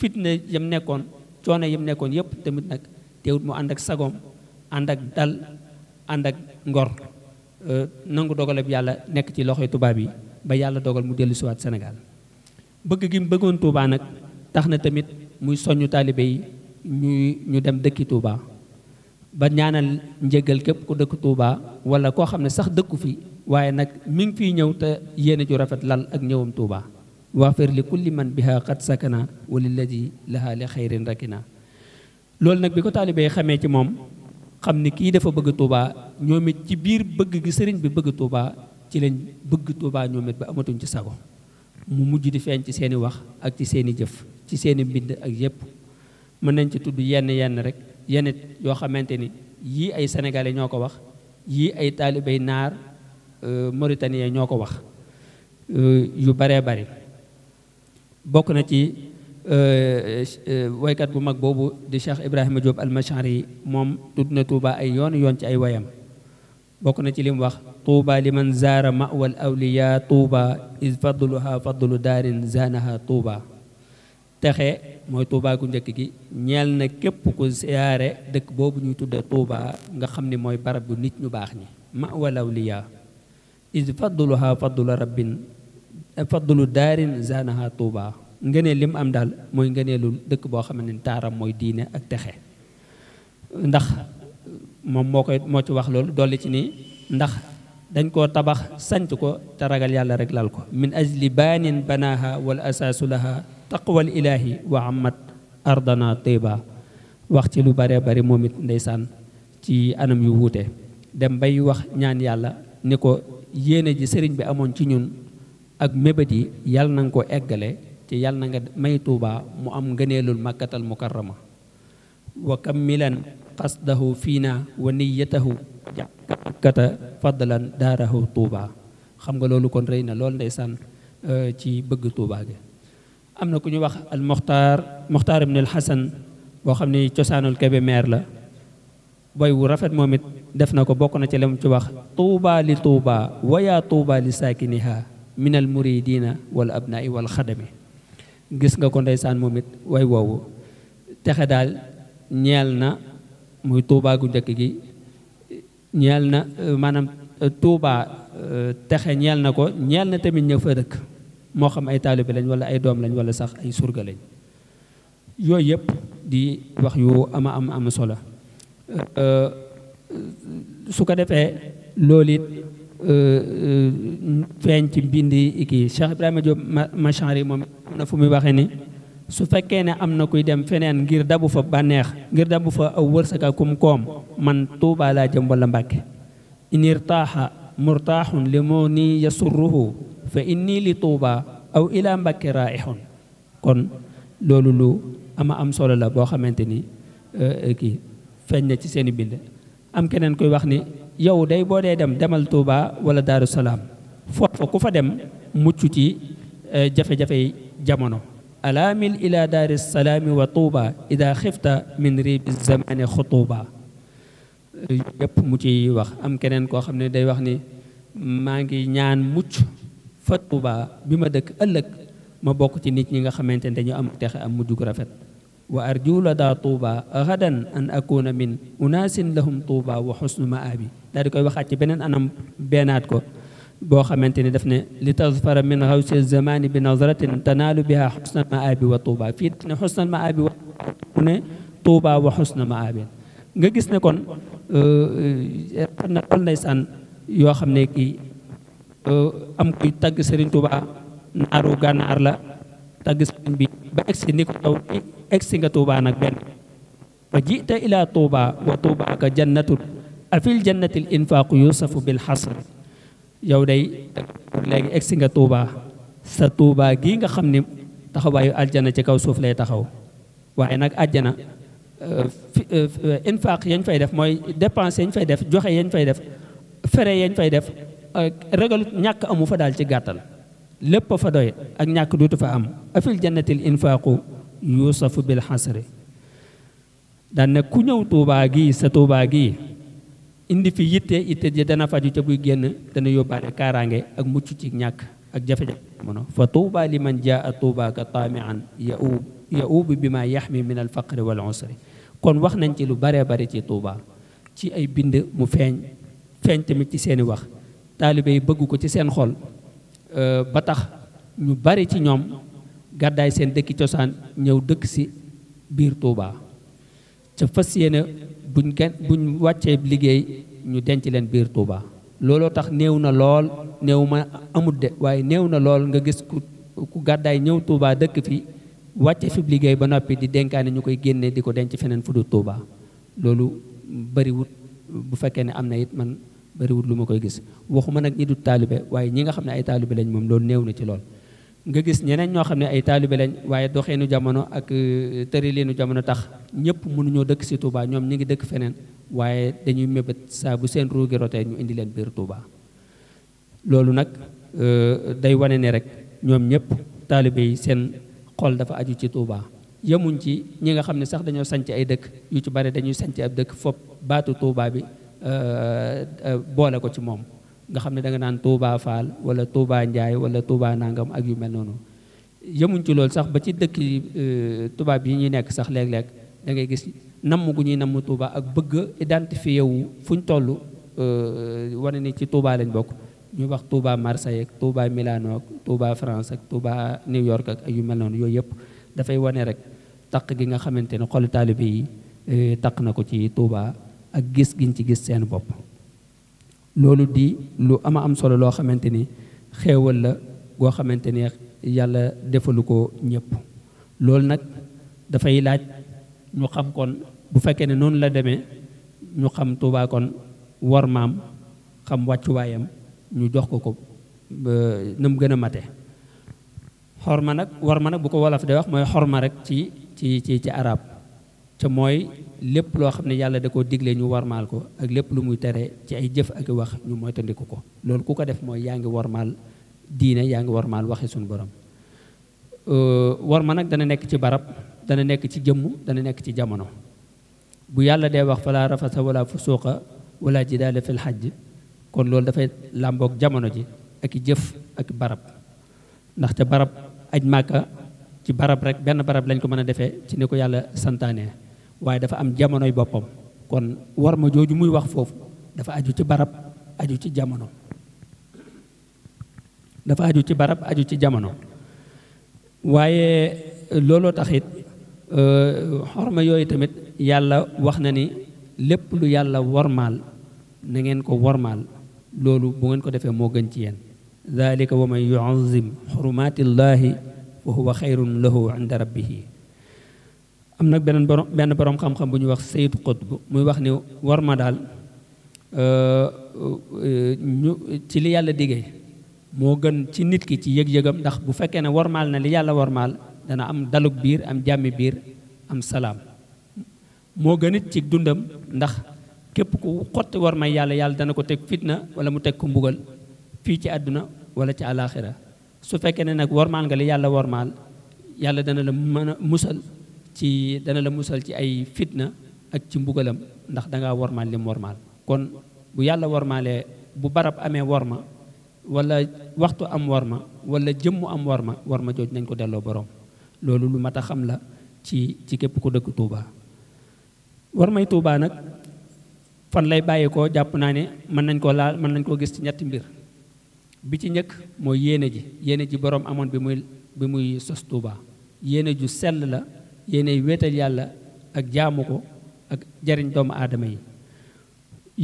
fitna yam nekkoon coono yam nekkoon yëpp tamit nag teewut mu ànd ak sagoom ànd ak dal ànd ak ngor euh, nangu dogalab yàlla nekk ci loxoy tubaab yi ba yàlla dogal mu dellu siwaat Sénégal bëgg gi mu bëggoon Touba nag tax na tamit muy soññu taalibe yi ñu dem dëkki Touba ba ñaanal njëgal képp ku dëkk Touba wala koo xam ne sax dëkku fi waaye nag mi ngi fiy ñëw te yéene ju rafet lal ak ñëwam Touba waafir li kulli man biha qad sakana walilladi laha li xayrin rakina loolu nag bi ko taalibee xamee ci moom xam ni kii dafa bëgg Touba ñoom it ci biir bëgg gi sëriñ bi bëgg Touba ci lañ bëgg Touba ñoom it ba amatuñ ci sago mu mujj di feeñ ci seeni wax ak ci seeni jëf ci seeni mbind ak yépp mën nañ ci tudd yenn yenn rek yenit yoo xamante ni yii ay sénégalais ñoo ko wax yii ay taalibey naar euh, mauritanien ñoo ko wax euh, yu baree bari bokk na ci euh, waykat bu mag boobu di Cheikh Ibrahima Diop almashari yi moom tudd na Touba ay yoon yoon ci ay wayam bokk na ci li mu wax Touba li awliya Touba is fadluha fadlu daarin zaanaha Touba texe mooy Touba gu njëkk gi ñeel na képp ku siyaare dëkk boobu ñuy tudd Touba nga xam ni mooy barab bu nit ñu baax ñi ma walaw liyaa is fadduluha faddulu rabbin faddulu daarin zanaha Touba ngëneel li mu am daal mooy ngëneelu dëkk boo xam ne taaram mooy diine ak texe ndax moom moo koy moo ci wax loolu dolli ci nii ndax dañ koo tabax sanc ko te ragal yàlla rek lal ko min ajli baanin banaaha wal asaasu laha taqwal ilaahi wa amat ardana tayba wax ci lu bare bare moom it ndeysaan ci anam yu wuute dem bay wax ñaan yàlla ni ko yéene ji sëriñ bi amoon ci ñun ak mébét yi yàlla na nga ko eggale ci yàlla na nga may tuuba mu am ngëneelul màkkatal mukarrama wa kammilan qasdahu fiina wa niyatahu jàkkata fadlan daarahu tuuba xam nga loolu kon rëy na lool ndeysaan euh, ci bëgg tuuba bi am na ku ñu wax al muxtaar muxtaar ibn boo xam ni cosaanul Kébémer la boy wu rafet moom it def na ko bokk na ci lem ci wax tuuba li tuuba wayaa tuuba li saakiniha min al muridina wal abnaai wal xadami gis nga ko ndeysaan moom it way woowu texe daal ñeel na muy tuuba gu njëkk gi ñeel na maanaam tuuba texe ñeel na ko ñeel na tamit ña dëkk moo xam ay taalibe lañ wala ay doom lañ wala sax ay surga lañ yooyu yëpp di wax yu ama am am solo euh, euh, su ko defee loolu it euh, feeñ ci mbindi kii Cheikh Ibrahima Diop Machanri moom am na fu muy waxee ni su fekkee ne am na kuy dem feneen ngir dabu fa bànneex ngir dabu fa aw wërsëg ak kum koom man Tuubaa laa jëm wala Mbàkke inir taaxa murtaaxun li moo nii yasurruhu fa inni li tuuba aw ila mbàkke raihun kon loolu lu ama am solo la boo xamante ni euh, kii feeñ na ci seeni i bind am keneen koy wax ni yow day boo dee dem demal tuuba wala daaru salaam foofa ku dem mucc ci euh, jafe jamono alaamil ila daari salaami tuuba ida xifta min ribi zamani mu ciy wax am keneen koo xam ne day wax ni maa ngi ñaan mucc fa Tuubaa bi ma dëkk ëllëg ma bokk ci nit ñi nga xamante ne dañu am texe am mujj rafet wa arju la daa Tuubaa gadan an akuna min unaasin lahum Tuubaa wa xusnu maabi daal koy waxat ci beneen anam beenaat ko boo xamante ni daf ne li tazfara min xawsi zamani bi nazratin tanaalu biha xusna maabi wa Tuubaa fii ne xusna maabi wa mu ne Tuubaa wa xusna maabi nga gis kon euh, euh, na tol ndeysaan yoo xam ne kii am kuy tagg Serigne Touba naaru gànnaar la tagg Serigne bi ba egsi ni ko yow ni egsi nga Touba nag benn fa jita ila Touba wa Touba ka jannatul afil jannatil infaaqu yusafu bil xasr yow nga Touba sa Touba gii nga xam ne taxawaayu aljana ci kaw suuf lay taxaw waaye nag aljana infaaq yañ fay def mooy dépense yañ fay def joxe yañ fay def fere yañ fay def Euh, ragal ñàkk amu fa daal ci gàttal lépp fa doy ak ñàkk duutu fa am afil jannatil infaaqu yuusafu bil xasri dan ne ku ñëw tuubaa gi sa tuubaa gi indi fi yitte yitte ji dana faju ca buy génn dana yóbbaale kaaraange ak mucc ci ñàkk ak jafe-jafe mono fa tuuba li man jaa tuuba ka taamian yaub yaub bi ma yaxmi min alfaqri wal usri kon wax nañ ci lu baree bari ci tuuba ci ay bind mu feeñ feeñ tamit ci seeni wax taalibe yi bëgg ko ci seen xol euh, ba tax ñu bari ci ñoom gàddaay seen dëkki cosaan ñëw dëkk si biir Touba ca fas yéene buñ kenn buñ wàccee liggéey ñu denc leen biir Touba. looloo tax néew na lool néew ma amut de waaye néew na lool nga gis ku ku gàddaay ñëw Touba dëkk fi wàcce fi liggéey ba noppi di dénkaane ñu koy génne di ko denc feneen fu du Touba loolu bariwut bu fekkee ne am na it man. bariwul lu ma koy gis waxuma nag ñi du taalibe waaye ñi nga xam ne ay taalibe lañ moom loolu néew na ci lool nga gis ñeneen ñoo xam ne ay taalibe lañ waaye doxeenu jamono ak euh, leenu jamono tax ñëpp mënuñoo dëkk si Touba ñoom ñi ngi dëkk feneen waaye dañuy mébét saa bu seen ruugi rotee indi leen biir loolu nag euh, day wane ne rek ñoom ñëpp taalibe yi seen xol dafa aju ci Touba yemuñ ci ñi nga xam ne sax dañoo sanc ay dëkk yu ci bare dañuy sanc ab dëkk foofu baatu Touba bi Euh, euh, boole ko ci moom nga xam ne danga nga naan Touba Fall wala Touba Ndiaye wala Touba Nangam ak yu mel noonu yemuñ ci loolu sax ba ci dëkk euh, tubaab yi ñuy nekk sax léeg-léeg da ngay gis namm gu ñuy namm Touba ak bëgg identifié wu fu ñu toll wane ni ci Touba lañ bokk ñu wax Touba Marseille ak Touba Milano ak Touba France ak Touba New York ak yu mel noonu yooyu yëpp dafay wane rek taq gi nga xamante ni xolu taalibe yi taq na ko ci Touba. ak gis giñ ci gis seen bopp loolu di lu ama am solo loo xamante ni xéewal la goo xamante ni yàlla defalu ko ñépp loolu nag dafay laaj ñu xam kon bu fekkee ne noonu la demee ñu xam Tuubaa kon war maam xam wàccuwaayam ñu jox ko ko na mu gën a mate xorma nag war ma nag bu ko wolof de wax mooy xorma rek ci ci ci ci arab te mooy lépp loo xam ne yàlla de koo digle ñu warmaal ko ak lépp lu muy tere ci ay jëf ak wax ñu moytandiku ko loolu ku ko def mooy yaa ngi warmaal diine yaa ngi warmaal waxi suñu borom euh, warma nag dana nekk ci barab dana nekk ci jëmm dana nekk ci jamono bu yàlla dee wax falaa rafasa wala fusuuqa wala jidaala fil xajj kon loolu dafay làmboog jamono ji ak jëf ak barab ndaxte barab aj màkka ci barab rek benn barab lañ ko mën a defee ci ne ko yàlla santaane waaye dafa am jamonoy boppam kon war ma jooju muy wax foofu dafa aju ci barab aju ci jamono dafa aju ci barab aju ci jamono waaye euh, looloo tax it euh, xorma yooyu tamit yàlla wax na ni lépp lu yàlla wormaal na ngeen ko wormaal loolu bu ngeen ko defee moo gën ci yéen dalika wa man yuazim xurumaati llahi fa huwa xayrun lahu inda rabbihi am nag beneen borom benn borom xam-xam bu ñu wax Sayyid Qutb muy wax ni war ma daal euh, euh, ci li yàlla diggee moo gën ci nit ki ci yëg-yëgam ndax bu fekkee ne warmaal na li yàlla warmaal dana am dalug biir am jàmmi biir am salaam moo gën it ci dundam ndax képp ku xotti war may yàlla yàlla dana ko teg fitna wala mu teg ku mbugal fii ci àdduna wala ci àlaaxira su fekkee ne nag warmaal nga li yàlla warmaal yàlla dana la musal ci dana la musal ci ay fitna ak ci mbugalam ndax dangaa wormaal lim wormaal kon bu yàlla wormaalee bu barab amee worma walla waxtu am worma walla jëmmu am worma worma jooj nañ ko delloo boroom loolu lu mat a xam la ci ci képp ku dëkk Touba. wormay Touba nag fan lay bàyyeekoo jàpp naa ne mën nañ koo laal mën nañ koo gis ci ñetti mbir bi ci njëkk mooy yéene ji yéene ji borom amoon bi muy bi muy sos Touba yéene ju sell la. yéenay wéetal yàlla ak jaamu ko ak jariñ doomu aadama yi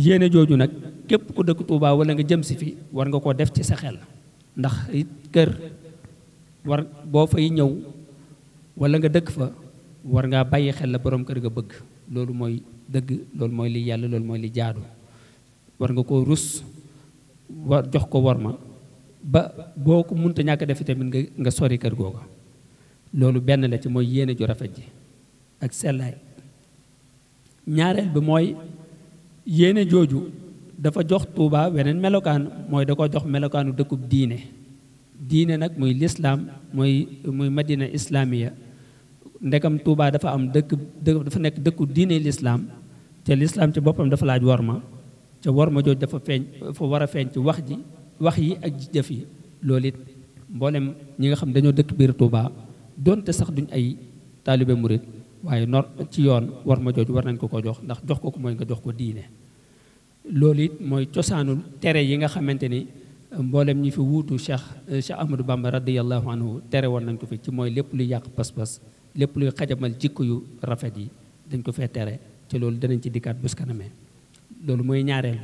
yéene jooju nag képp ku dëkk Touba wala nga jëm si fi war nga koo def ci sa xel ndax it kër war boo fay ñëw wala nga dëkk fa war ngaa bàyyi xel la borom kër ga bëgg loolu mooy dëgg loolu mooy li yàlla loolu mooy li jaadu war nga koo rus war jox ko war ma ba boo ko munta ñàkk def tamit nga nga sori kër googa loolu benn la ci mooy yéene ju rafet ji ak sellaay ñaareel bi mooy yéene jooju dafa jox Tuuba weneen melokaan mooy da ko jox melokaanu dëkku diine diine nag muy lislaam muy muy madina islaamiya ndekam Tuuba dafa am dëkk dafa nekk dëkku diine lislaam te lislaam ci boppam dafa laaj war ma te war ma dafa feeñ dafa war a feeñ ci wax ji wax yi ak jëf yi loolu it mboolem ñi nga xam dañoo dëkk biir Tuuba donte sax duñ ay taalibe murit waaye nor ci yoon war ma jooju war nañ ko ko jox ndax jox ko ko mooy nga jox ko diine loolu it mooy cosaanul tere yi nga xamante ni mboolem ñi fi wuutu Cheikh eh, Cheikh Ahmadou Bamba radiyallahu anhu tere woon nañ ko fi ci mooy lépp luy yàq pas-pas lépp luy xajamal jikk yu rafet yi dañ ko fee tere ci loolu danañ ci dikkaat bés kanamee loolu mooy ñaareel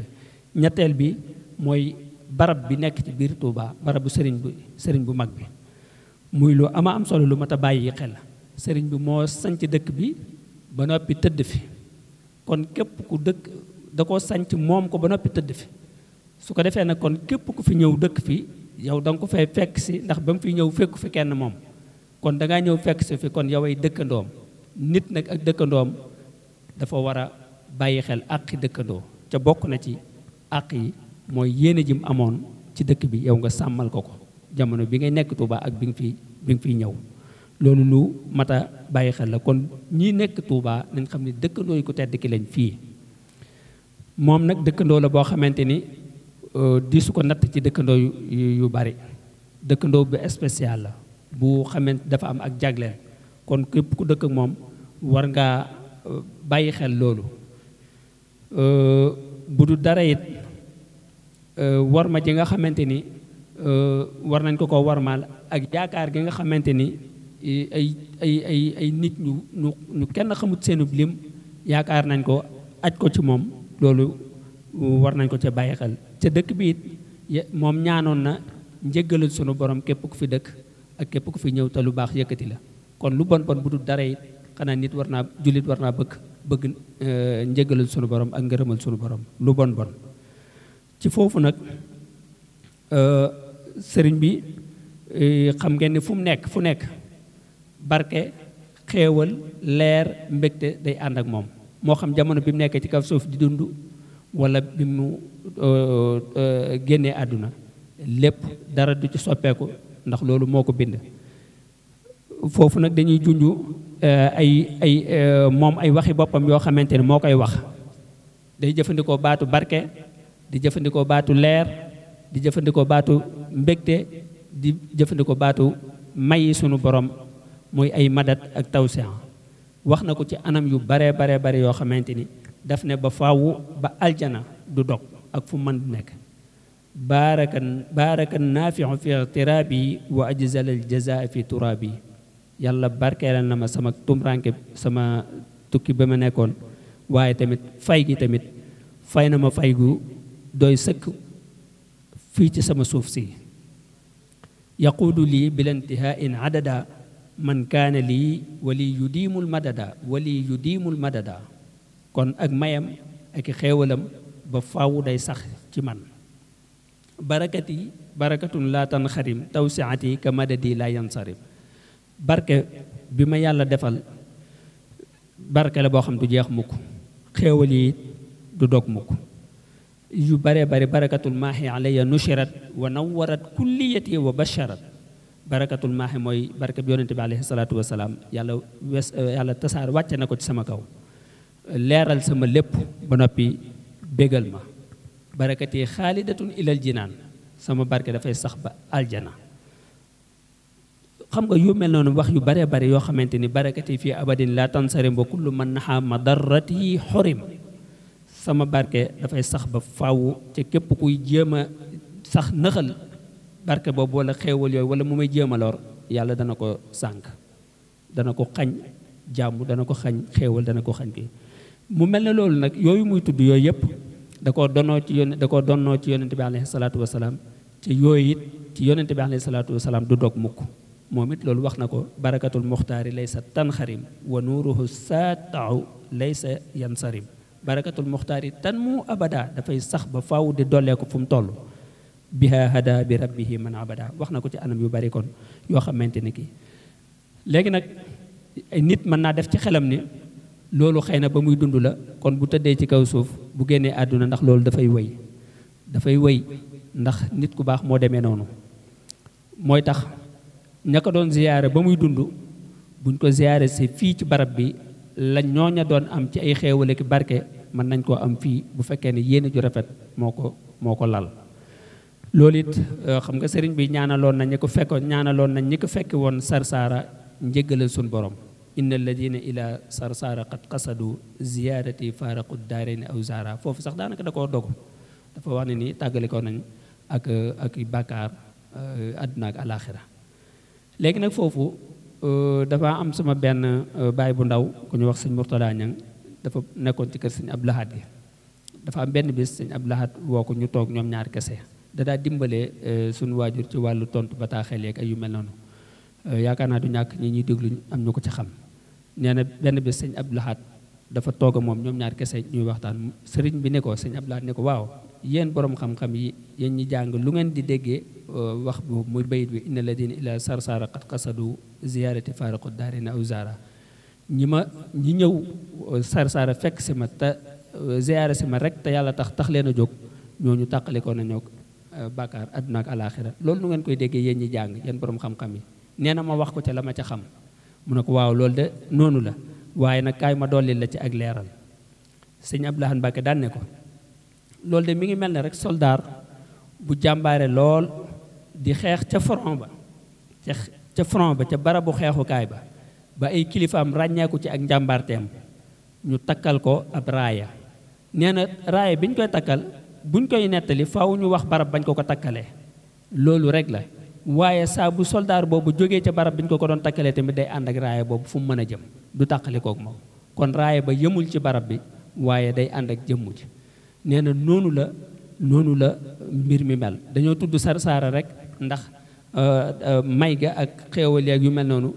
bi ñetteel bi mooy barab bi nekk ci biir Touba barabu sëriñ bu sëriñ bu mag bi muy lu ama am solo lu mat a bàyyi xel sëriñ bi moo sanc dëkk bi ba noppi tëdd fi kon képp ku dëkk da koo sanc moom ko ba noppi tëdd fi su ko defee nag kon képp ku fi ñëw dëkk fi yow da nga ko fay fekk si ndax ba mu fi ñëw fekku fi kenn moom kon da ñëw fekk si fi kon yow ay dëkkandoom nit nag ak dëkkandoom dafa war a bàyyi xel àqi dëkkandoo ca bokk na ci àq yi mooy yéene ji mu amoon ci dëkk bi yow nga sàmmal ko ko jamono bi ngay nekk Touba ak bi nga fi bi nga fiy loolu lu mat a bàyyi xel la kon ñi nekk Touba nañ xam ne dëkkandoo yi ko tedd ki lañ fii moom nag dëkkandoo la boo xamante ni euh, di ko natt ci dëkkandoo yu bari dëkkandoo bu spécial la bu xamante dafa am ak jagleel kon képp ku dëkk moom war ngaa euh, bàyyi xel loolu euh, bu du dara it war ma ji nga xamante ni Euh, war nañ ko ko war maal ak yaakaar gi nga xamante ni ay ay ay ay nit ñu ñu ñu kenn xamut seenub lim yaakaar nañ ko aj ko ci moom loolu war nañ ko ca bàyyi xel ca dëkk bi it moom ñaanoon na njëggalal sunu borom képp ku fi dëkk ak képp ku fi ñëw te lu baax yëkkati la kon lu bon bon bu dul dara it xanaa nit war naa jullit war naa bëgg bëgg e, njëggalal sunu borom ak ngërëmal sunu borom lu bon bon ci foofu nag e, sëriñ bi e, xam ngeen ni fu mu nekk fu nekk barke xéewal leer mbégte day ànd ak moom moo xam jamono bi mu nekkee ci kaw suuf di dund wala bi mu e, e, génnee àdduna lépp dara du ci soppeeku ndax loolu moo ko bind foofu nag dañuy junj ay ay moom ay waxi boppam yoo xamante ne moo koy wax day jëfandikoo baatu barke di jëfandikoo baatu leer di jëfandikoo baatu mbégte di jëfandikoo baatu may sunu borom mooy ay madat ak taw tawsien wax na ko ci anam yu bare bare bare yoo xamante ni daf ne ba faw ba aljana du dog ak fu mën nekk baarakan baarakan naafiu fi ixtiraabi wa ajzal al jazaa fi turaabi yàlla barkeelal na ma sama tumranke sama tukki ba ma nekkoon waaye tamit fay gi tamit fay na ma fay gu doy sëkk fii ci sama suuf si yaquudu lii bila intihaain adada man kaana lii wali yu diimul madada wali yu kon ak mayam ak xeewalam ba faaw day sax ci man barakati barakatun laa tanxarim tawsiati ka madadi laa yansarim barke bi ma yàlla defal barke la boo xam du jeex mukk xeewal yi du dog mukk yu bare bare barakatul maahi alayya nushirat wa nawwarat kulliyati wa basharat barakatul maahi mooy barke bi yonente bi alayhi salaatu wasalaam yàlla wes yàlla tasaar wàcce na ko ci sama kaw leeral sama lépp ba noppi bégal ma barakati xaalidatun ilal jinaan sama barke dafay sax ba aljana xam nga yu mel noonu wax yu bare bare yoo xamante ni barakati fii abadin la tansarim wa kullu man naha madarrati xorim sama barke dafay sax ba faw ca képp kuy jéem a sax nëxal barke boobu wala xéewal yooyu wala mu may jéem a yàlla dana ko sànk dana ko xañ jàmm dana ko xañ xéewal dana ko xañ kii mu mel ne loolu nag yooyu muy tudd yooyu yëpp da koo donoo ci yónne da koo donnoo ci yonente bi alayhi salaatu wasalaam te yooyu it ci yonente bi alayhi salaatu salaam du dog mukk moom it loolu wax na ko barakatul muxtaari laysa tanxarim wa nuuruhu saataau laysa yansarim barakatul muxtaar yi tan mu abada dafay sax ba faaw di dollee ko fu mu toll biha hada bi rabbihi man abada wax na ko ci anam yu bari kon yoo xamante ni kii léegi nag nit mën naa def ci xelam ni loolu xëy na ba muy dund la kon bu tëddee ci kaw suuf bu génnee àdduna ndax loolu dafay wëy dafay wëy ndax nit ku baax moo demee noonu mooy tax ña doon ziyaare ba muy dund buñ ko ziyaare si fii ci barab bi la ñooña doon am ci ay xéewale ki barke mën nañ koo am fii bu fekkee ne yéene ju rafet moo ko moo ko lal loolu it euh, xam nga sëriñ bi ñaanaloon na ñi ko fekkoon ñaanaloon nañ ñi ko fekki woon sarsaara njéggalal suñ borom inna alladina ila sarsaara qad qasadu ziyaarati faaraqu daarayni aw zaara foofu sax daanaka da koo dafa wax ne ni tàggalikoo nañ ak ak bàkkaar euh, àdduna ak alaaxira léegi nag foofu Euh, dafa am sama benn euh, baay bu ndaw ku ñu wax sëñ Mourtada Niang dafa nekkoon ci kër sëñ ab Lahad yi dafa am benn bis sëñ ab Lahad woo ko ñu toog ñoom ñaar kese dadaa daa dimbale euh, suñu waajur ci wàllu tontu bataaxel yeeg ay yu mel noonu yaakaar naa du ñàkk ñi ñuy déglu am ñu ko ci xam nee na benn bi sëñ ab Lahad dafa toog moom ñoom ñaar kese ñuy waxtaan sëriñ bi ne ko sëñ Abdou Lahad ne ko waaw yéen boroom xam-xam yi yéen ñi jàng lu ngeen di déggee euh, wax boobu muy bayit bi inna ladina ila sarsara qad qasadu ziyarati faariqu daarina aw zara ñi ma ñi ñëw euh, sarsara fekk si ma te euh, ziyaare si ma rek te yàlla tax tax leen a jóg ñooñu tàqalikoo na ñoo bàkkaar àdduna ak alaaxira loolu nu ngeen koy déggee yenn ñi jàng yéen boroom xam-xam yi nee na ma wax ko ca la ma ca xam mu ne ko waaw loolu de noonu la waaye nag kaay ma dolli la ci ak leeral sëñ Abdoulahan Mbàkke daan ne ko loolu de mi ngi mel na rek soldaar bu jàmbaare lool di xeex ca front ba ca ca ba ca barabu xeexukaay ba ba ay kilifaam ràññeeku ci ak njàmbaarteem ñu takkal ko ab raaya nee na raaya bi ñu koy takkal buñ koy nettali faw ñu wax barab bañ ko ko takkalee loolu rek la waaye saa bu soldaar boobu jógee ca barab bi ñu ko ko doon takkalee tamit day ànd ak raaya boobu fu mën a jëm du tàqalikook moom kon raaya ba yëmul ci barab bi waaye day ànd ak jëmmu nee na noonu la noonu la mbir mi mel dañoo tudd Sarsara rek ndax euh, euh, may ga ak xéewal ak yu mel noonu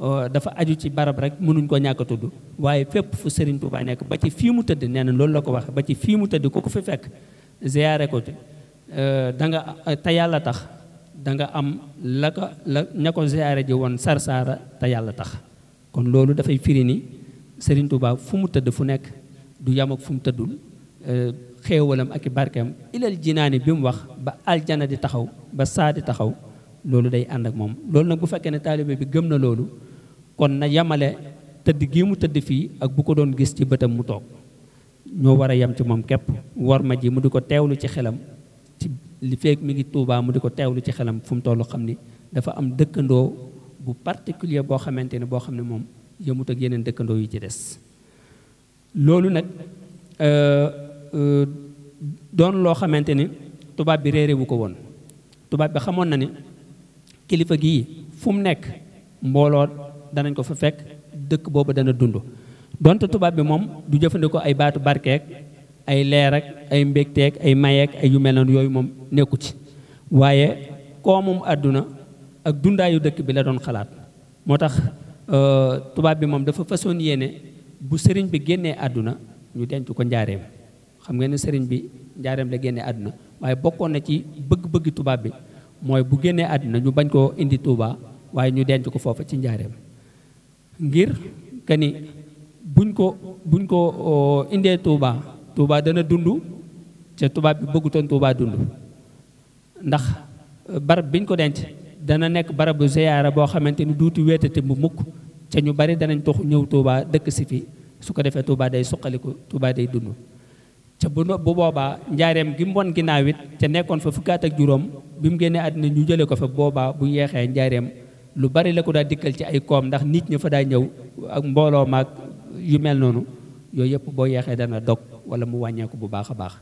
euh, dafa aju ci barab rek mënuñ koo ñàkk tudd waaye fépp fu Serigne Touba nekk ba ci fii mu tëdd nee na loolu la ko waxee ba ci fii mu tëdd ku ko fi fekk ziyaare ko ci da nga te yàlla tax da nga am la ko la ña ko ziyaare ji woon Sarsara te yàlla tax kon loolu dafay fu mu tëdd fu nekk du yam ak fu mu tëddul xéewalam ak i barkeem ilal jinaani bi mu wax ba aljana di taxaw ba saa di taxaw loolu day ànd ak moom loolu nag bu fekkee ne taalibe bi gëm na loolu kon na yamale tëdd gii mu tëdd fii ak bu ko doon gis ci bëtam mu toog ñoo war a yem ci moom képp war ma ji mu di ko teewlu ci xelam ci li feeg mi ngi tuubaa mu di ko teewlu ci xelam fu mu toll xam ni dafa am dëkkandoo bu particulier boo xamante ne boo xam ne moom yëmut ak yeneen dëkkandoo yu ci des Euh, doon loo xamante ni tubaab bi réere ko woon tubaab bi xamoon na ni kilifa gi fu nekk mbooloo danañ ko fa fekk dëkk boobu dana dund donte tubaab bi moom du jëfandikoo ay baatu barkeek ay leer ay mbégteek ay mayeek ay yu mel noonu yooyu moom nekku ci waaye koomum àdduna ak dundaayu dëkk bi la doon xalaat moo tax euh, tubaab bi moom dafa façon yéene bu sëriñ bi génnee àdduna ñu denc ko njaareem xam ngeen ne sëriñ bi njaareem la génne àdduna waaye bokkoon na ci bëgg-bëgg tubaab bi mooy bu génnee àdduna ñu bañ koo indi Touba waaye ñu denc ko foofa ci njaareem ngir que ni buñ ko buñ ko indee tuuba Touba dana dund te tubaab bi bëggutoon Touba dund ndax e, barab biñ ko denc dana nekk barabu ziyaara boo xamante ni duuti wéetate bu mukk te ñu bari danañ tox ñëw tuuba dëkk si fi su ko defee Touba day suqaliku Touba day dund ca bu bu boobaa njaareem gi mu won ginnaaw it ca nekkoon fa fukkaat ak juróom bi mu génnee àddina ñu jëlee ko fa boobaa bu yeexee njaareem lu bari la ko daa dikkal ci ay koom ndax nit ñi fa daa ñëw ak mbooloo maag yu mel noonu yooyu yëpp boo yeexee dana dog wala mu wàññeeku bu baax a baax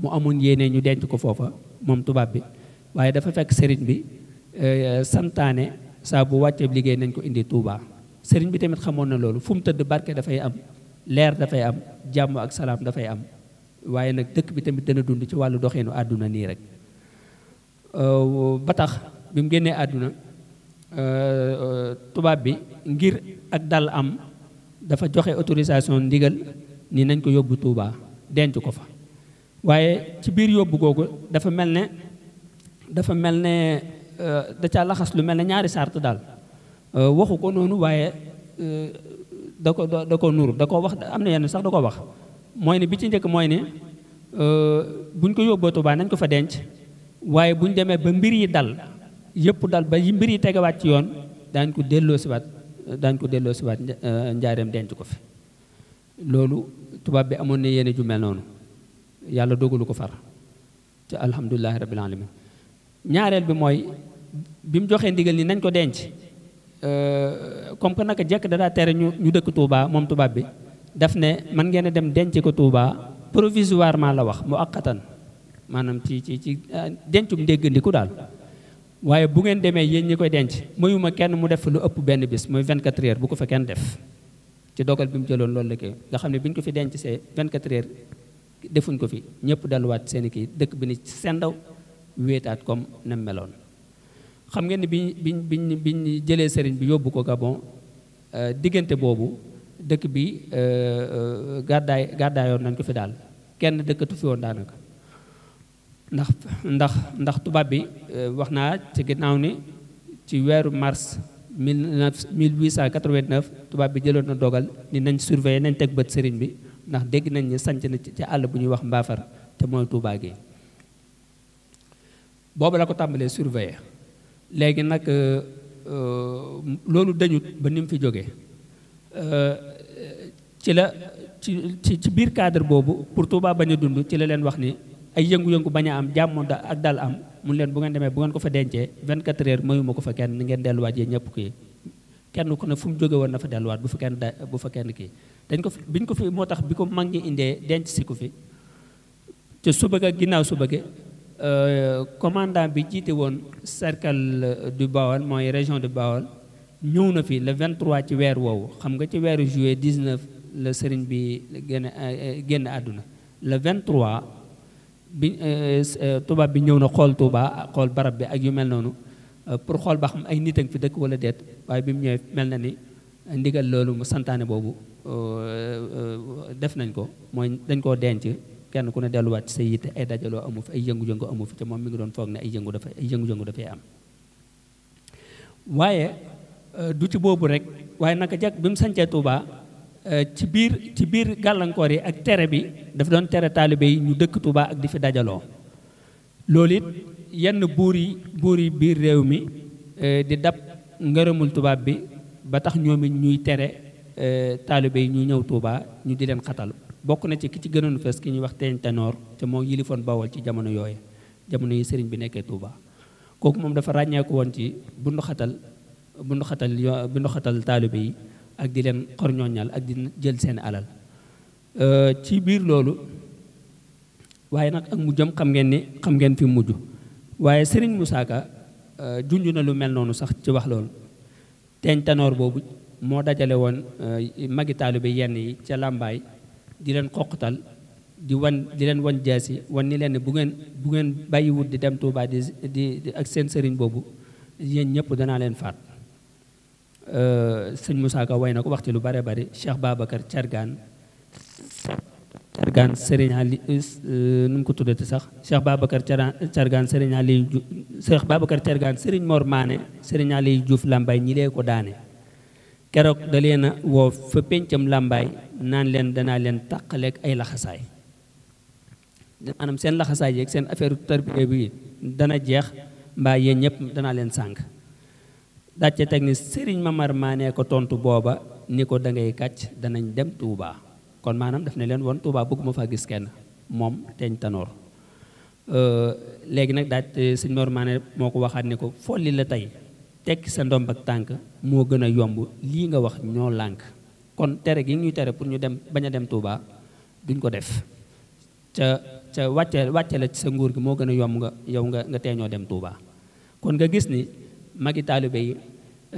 mu amoon yéene ñu denc ko foofa moom tubaab bi waaye dafa fekk sëriñ bi euh, santaane saa bu wàccee liggéey nañ ko indi tuubaa sëriñ bi tamit xamoon na loolu fu mu tëdd barke dafay am leer dafay am jàmm ak salaam dafay am waaye nag dëkk bi tamit dana dund ci wàllu doxinu àdduna nii rek euh, ba tax bi mu génnee àdduna euh, tubaab bi ngir ak dal am dafa joxe autorisation ndigal ni nañ ko yóbbu Touba denc ko fa waaye ci biir yóbbu googu dafa mel ne dafa mel ne euh, da caa laxas lu mel ne ñaari sart daal waxu ko noonu waaye da ko da ko nuur da ko wax am na yenn sax da ko wax mooy ne bi ci njëkk mooy ne euh, buñ ko yóbboo Tuubaa nañ ko fa denc waaye buñ demee ba mbir yi dal yëpp dal ba mbir yi tegewaat ci yoon daañ ko delloo siwaat ko delloo siwaat euh, njaareem denc ko fi loolu tubaab bi amoon na yéene ju noonu yàlla dogalu ko far te alhamdulilahi rabbil alamin ñaareel bi mooy bi mu joxee ndigal ni nañ ko denc euh, comme que naka jekk da daa tere ñu ñu dëkk Tuubaa moom tubaab bi daf ne man ngeen a dem denc ko Touba provisoirement la wax mu aqatan maanaam ci ci ci ah, dencum ndéggandiku daal waaye bu ngeen demee yéen ñi koy denc mayuma kenn mu def lu ëpp benn bis muy 24 heures bu ko fa kenn def ci dogal bi mu jëloon loolu la kii nga xam ne biñ ko fi denc see 24 heures defuñ ko fi ñëpp delluwaat seen i kii dëkk bi ni sendaw wéetaat comme na meloon. xam ngeen ni biñ biñ biñ biñ jëlee sëriñ bi yóbbu ko Gabon euh, diggante boobu. dëkk bi euh, euh, gàddaay gàddaayoon nañ ko fi daal kenn dëkkatu fi woon daanaka ndax ndax tubaab bi euh, wax naa ci ginnaaw ni ci weeru mars 1889 tubaab bi jëloon na dogal ni nañ surveiller nañ teg bët sëriñ bi ndax dégg nañ ni sanc na ci àll bu ñuy wax mbaafar te mooy Touba gi boobu la ko tàmbalee surveiller léegi nag loolu dañut ba ni mu fi jógee ci la ci ci biir cadre boobu pour Touba bañ a dund ci la leen wax ni ay yëngu-yëngu bañ a am jàmm ak dal am mun leen bu ngeen demee bu ngeen ko fa dencee 24 heures mayuma ko fa kenn ngeen delluwaat yéen ñëpp kii kenn ku ne fu mu jóge woon na fa delluwaat bu fa kenn da bu fa kenn dañ ko fi biñ ko fi moo tax bi ko mag ñi indee denc si ko fi te suba ga ginnaaw suba ga euh, commandant bi jiite woon cercle euh, du Baol mooy région du Baol ñëw na fi le 23 ci weer woowu xam nga ci weeru juillet 19 la sëriñ bi génn génn àdduna le 23 bi euh, euh, tubaab bi ñëw na xool Touba xool barab bi ak yu mel noonu euh, pour xool ba xam ay nit a ngi fi dëkk wala deet waaye bi mu ñëwee mel na ni ndigal loolu mu santaane boobu def nañ ko mooy dañ koo denc kenn ku ne delluwaat sa yitte ay dajaloo amu ay yëngu-yëngu amu fi moom mi ngi doon foog ne ay yëngu dafa ay yëngu-yëngu dafay am waaye du ci boobu rek waaye naka jekk bi mu sancee Touba Euh, ci biir ci biir gàllankoor yi ak tere bi daf doon tere taalibe yi ñu dëkk Touba ak di fi dajaloo loolu it yenn buur yi buur yi biir réew mi euh, di dab ngërëmul tubaab bi ba tax ñoom ñuy tere euh, taalibe yi ñuy ñëw Touba ñu di leen xatal bokk na ci ki ci gënoon fës ki ñuy wax Teeñ Tanoor te moo yilifoon Bawol ci jamono yooyu jamono yi sëriñ bi nekkee Touba kooku moom dafa ràññeeku woon ci bunduxatal xatal bundu xatal yo bundu xatal taalibe yi ak di leen xorñooñal ak di jël seen alal euh, ci biir loolu waaye nag ak mujjam xam ngeen ni xam ngeen fi mujj waaye sëriñ Moussa Ka euh, junj na lu mel noonu sax ci wax loolu teeñ tanoor boobu moo dajale woon euh, magi bi yenn yi ca làmbaay di leen xoqtal di wan di leen wan jaasi wan ni leen bu buggeen bu ngeen bàyyiwut di dem Touba di ak seen sëriñ boobu yéen ñëpp danaa leen faat Euh, sëñ Moussa ko way na ko wax lu bare bari Cheikh Babacar Cargaan Cargaan euh, euh, nu mu ko tuddati sax Cheikh Babacar Cargaan Mor Maane Serigne Ali Diouf Lambaay ñi keroog da leen a woo fa péncam leen danaa leen tàqaleeg ay laxasaay maanaam seen laxasaay yeeg seen affaire tarbiya bi dana jeex mbaa yéen ñëpp dana leen sànq daaj ca teg ni sëriñ Mamar maanee ko tontu booba ni ko dangay ngay danañ dem Touba kon maanaam daf ne leen woon Touba bëgguma faa gis kenn moom teeñ tanoor euh, léegi nag daaj eh, sëñ Mamar Maane moo ko waxaat ni ko folli la tey tekki sa ndomb ak tànk moo gën a yomb lii nga wax ñoo lànk kon tere gi ñuy tere pour ñu dem bañ a dem Touba duñ ko def ca ca wàcce wàcce la ci sa nguur gi moo gën a yomb nga yow nga nga teeñoo dem Touba kon nga gis ni magi taalibe yi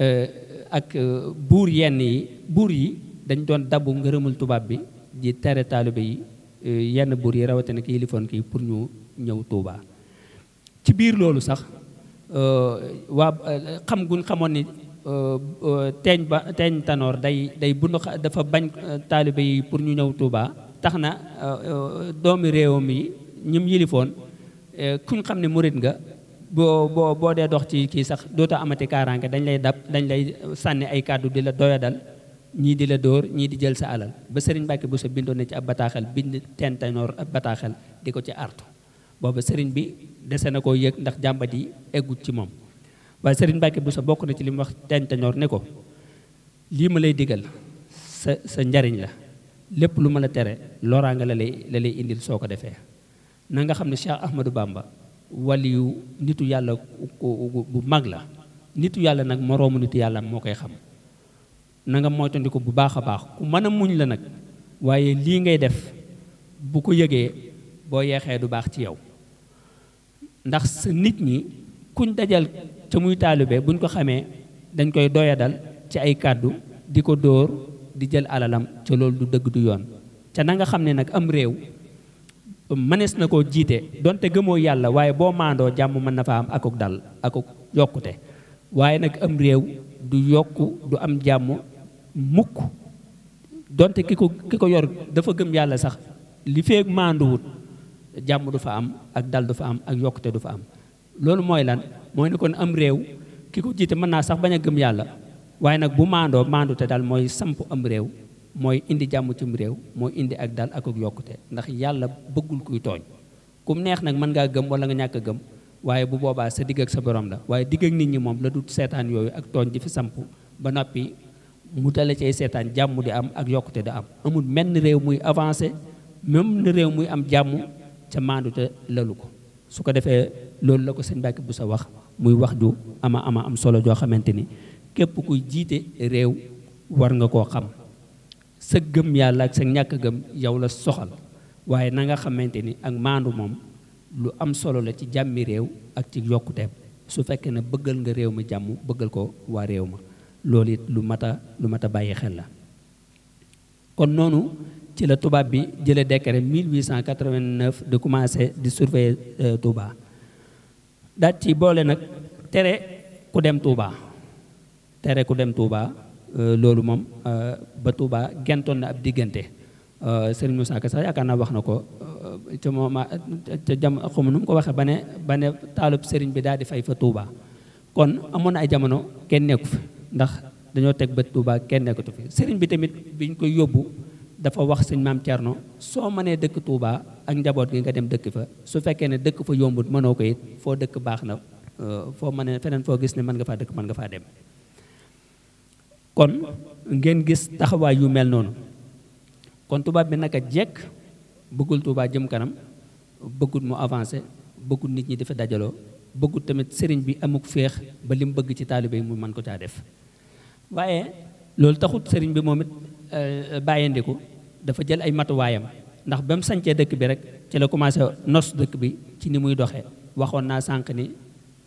euh, ak euh, buur yenn yi buur yi dañ doon dabu ngërëmul tubaab bi di tere taalibe yi euh, yenn buur yi rawatina ki yilifoon kii pour ñu ñëw Touba. ci biir loolu sax waa xamoon ni teeñ ba teeñ day day dafa bañ taalibe yi pour ñu ñëw Touba tax na doomi réewam yi ñim yilifoon kuñ xam ne murit nga boo boo boo dee dox ci kii sax doota amati kaaraange dañ lay dab dañ lay sànni ay kàddu di la doyadal ñii di la dóor ñii di jël sa alal ba Serigne bu sa bindoon na ci ab bataaxel bind tentanoor ab bataaxel di ko ci artu booba sëriñ bi dese na koo yëg ndax jàmbat yi eggut ci moom waaye Serigne Mbacke sa bokk na ci li wax tentanoor ne ko lii ma lay digal sa sa njariñ la lépp lu ma la tere loraanga la lay la lay indil soo ko defee nanga xam ne Cheikh Ahmadou Bamba waliyu nitu yàlla bu mag la nitu yàlla nag moroomu nitu yàlla moo koy xam nanga nga moytandiku bu baax a baax ku mën a muñ la nag waaye lii ngay def bu ko yëgee boo yeexee du baax ci yow ndax sa nit ñi kuñ dajal ca muy taalibe buñ ko xamee dañ koy doyadal ci ay kàddu di ko dóor di jël alalam ca loolu du dëgg du yoon ca na xam ne nag am réew manees na koo jiite donte gëmoo yàlla waaye boo maandoo jàmm mën na fa am akuk dal akuk yokkute waaye nag am réew du yokku du am jàmm mukk donte ki ko ki ko yor dafa gëm yàlla sax li feeg maanduwut jàmm du fa am ak dal du fa am ak yokkute du fa am loolu mooy lan mooy ne kon am réew ki ko jiite mën naa sax bañ a gëm yàlla waaye nag bu maandoo maandu te dal mooy samp am réew mooy indi jàmm cim réew mooy indi ak dal ak ak yokkute ndax yàlla bëggul kuy tooñ kum neex nag mën ngaa gëm walla nga ñàkk a gëm waaye bu boobaa sa digg ak sa boroom la waaye digg ak nit ñi moom la du seetaan yooyu ak tooñ di fi samp ba noppi mu dale cay seetaan jàmm di am ak yokkute di am amul menn réew muy avancé même réew muy am jàmm ca maandute lalu ko su ko defee loolu la ko sëñ Mbàkke bu sa wax muy wax ju ama ama am solo joo xamante ni képp kuy jiite réew war nga koo xam sa gëm yàlla ak sa ñàkk gëm yow la soxal waaye nanga xamante ni ak maandu moom lu am solo la ci jàmmi réew ak ci yokkuteem su fekkee ne bëggal nga réew mi jàmm bëggal ko waa réew ma loolu it lu mat a lu mat a bàyyi xel la kon noonu ci la tubaab bi jële décret 1889 de commencer di surveiller euh, Touba daat ci boole nag tere ku dem Touba tere ku dem Touba Euh, loolu moom euh, ba Touba gentoon na ab diggante euh, sëriñ Moussa Ka sax yaakaar naa wax na ko ca moom ca jam xamu nu mu ko waxee ba ne ba ne taalub sëriñ bi daal di fay fa Touba kon amoon na ay jamono kenn nekku fi ndax dañoo teg bët Touba kenn nekkatu fi sëriñ bi tamit biñ koy yóbbu dafa wax sëñ maam Thierno soo mënee dëkk tuubaa ak njaboot gi nga dem dëkk fa su fekkee ne dëkk fa yombut mënoo ko it foo dëkk baax na foo mënee feneen foo gis ne mën nga faa dëkk mën nga faa dem. kon ngeen gis taxawaay yu mel noonu kon tubaab bi naka jekk bëggul Tuubaa jëm kanam bëggut mu avancé bëggut nit ñi dafa dajaloo bëggul tamit sëriñ bi amuk féex ba li mu bëgg ci taalibe yi mu mën ko caa def waaye loolu taxut sëriñ bi moom it euh, bàyyandiku dafa jël ay matuwaayam ndax ba mu sancee dëkk bi rek ci la commencé nos dëkk bi ci ni muy doxee waxoon naa sànq ni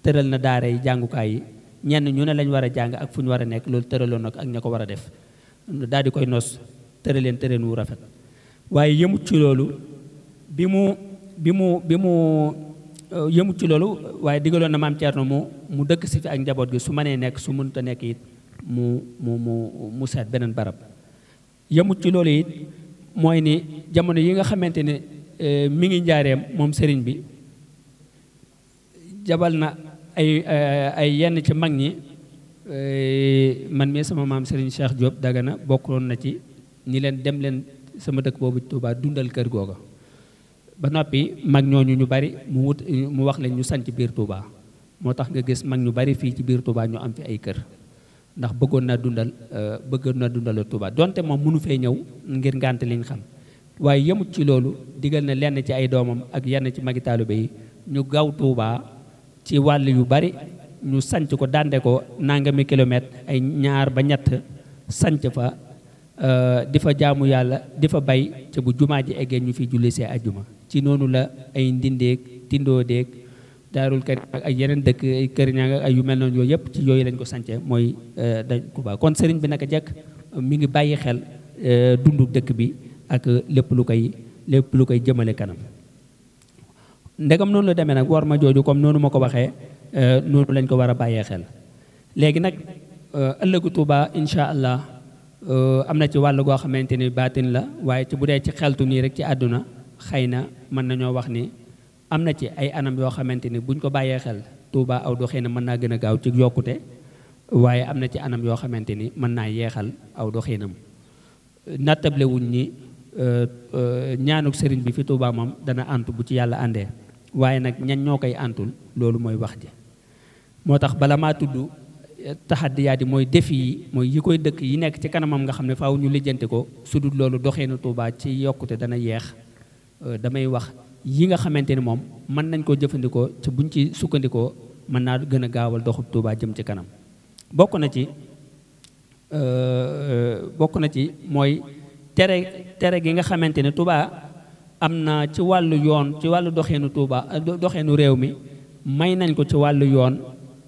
tëral na daara yi jàngukaay yi ñenn ñu ne lañu war a jàng ak fu ñu war a nekk loolu tëraloon nag ak ña ko war a def daal di koy nos tëraleen tëraleen wu rafet waaye yëmut ci loolu bi mu bi mu bi mu euh, yëmut ci loolu waaye digaloon na maam Thierno mu mu dëkk si fi ak njaboot gi su mënee nekk su mënut a nekk it mu mu mu mu seet beneen barab yëmut ci loolu it mooy ni jamono yi nga xamante ne euh, mi ngi njaareem moom sëriñ bi jabal na ay eh, ay yenn ci mag ñi eh, man mii sama maam Serigne Cheikh Diop Dagana bokkoon na ci ñi leen dem leen sama dëkk boobu Touba dundal kër googa ba noppi mag ñooñu ñu bari mu wut mu wax leen ñu sanc biir tuubaa moo tax nga gis mag ñu bari fii ci biir Touba ñu am fi ay kër ndax bëggoon naa dundal eh, bëggoon naa dundal Touba donte moom mënu fee ñëw ngir ngànt liñ xam waaye yemut ci loolu digal na lenn ci ay doomam ak yenn ci magi taalibe yi ñu gaw Touba ci wàll yu bari ñu sanc ko dande ko nangami kilomètre ay ñaar ba ñett sanc fa euh, di fa jaamu yàlla di fa bay ca bu jumaa ji eggee ñu fi julli see ajjuma ci noonu la ay ndindeeg tindoodeeg daarul kër ak ay yeneen dëkk ay kër ñaanga ay yu mel noonu yooyu yëpp ci yooyu lañ ko sance mooy euh, dañ Touba kon sëriñ bi naka jekk euh, mi ngi bàyyi xel dundu dëkk bi ak lépp lu koy lépp lu koy jëmale kanam ndegam noonu la demee nag war ma jooju comme noonu ma ko waxee euh, noonu lañ ko war a bàyyee xel léegi nag euh, ëllëgu Tuuba incha allah euh, am na ci wàll goo xamante ni baatin la waaye ci bu dee ci xeltu nii rek ci àdduna xëy na mën nañoo wax ni am na ci ay anam yoo xamante ni buñ ko bàyyee xel Tuuba aw do xëy na mën naa gën a gaaw ci yokkute waaye am na ci anam yoo xamante ni mën naa yeexal aw doxinam nattable wuñ ni ñaanuk sëriñ bi fi Tuuba moom dana ànt bu ci yàlla àndee waaye nag ñan ñoo koy àntul loolu mooy wax ji moo tax bala maa tudd eh, taxaddiyaat yi mooy défi yi mooy yi koy dëkk yi nekk ci kanamam nga xam ne faaw ñu lijjanti ko su dul loolu doxeenu Tuubaa ci yokkute dana yeex euh, damay wax yi nga xamante ni moom mën nañ koo jëfandikoo ci buñ ci sukkandikoo mën naa gën a gaawal doxub Tuubaa jëm ci kanam bokk na ci euh, euh, bokk na ci mooy tere tere gi nga xamante ne Tuubaa am na ci wàllu yoon ci wàllu doxeenu Touba doxeenu réew mi may nañ ko ci wàllu yoon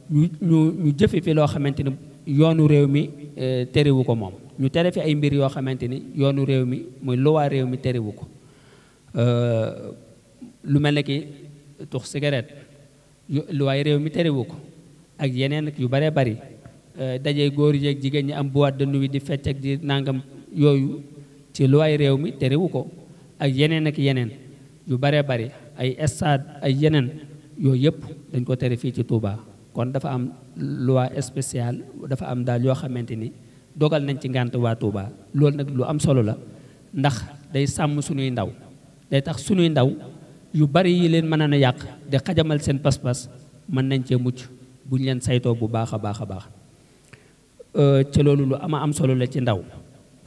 ñu ñu ñu fi loo xamante ni yoonu réew mi eh, terewu ko moom ñu tere fi ay mbir yoo xamante ni yoonu réew mi mooy luwaa réew mi terewu ko eh, lu mel ne ki tux cigarette luwaay réew mi terewu ko ak yeneen ak yu baree bari eh, daje góor yi ak jigéen ñi am boîte de nuit di fecc ak di nangam yooyu ci luwaay réew mi terewu ko ak yeneen ak yeneen yu baree bari ay stade ay yeneen yooyu yëpp dañ ko tere fii ci Touba kon dafa am loi spéciale dafa am daal yoo xamante ni dogal nañ ci ngànt waa Touba loolu nag lu am solo la ndax day sàmm suñuy ndaw day tax sunuy ndaw yu bari yi leen mën a yàq di xajamal seen pas-pas mën nañ cee mucc buñ leen saytoo bu baax a baax a baax euh, ci loolu lu ama am solo la ci ndaw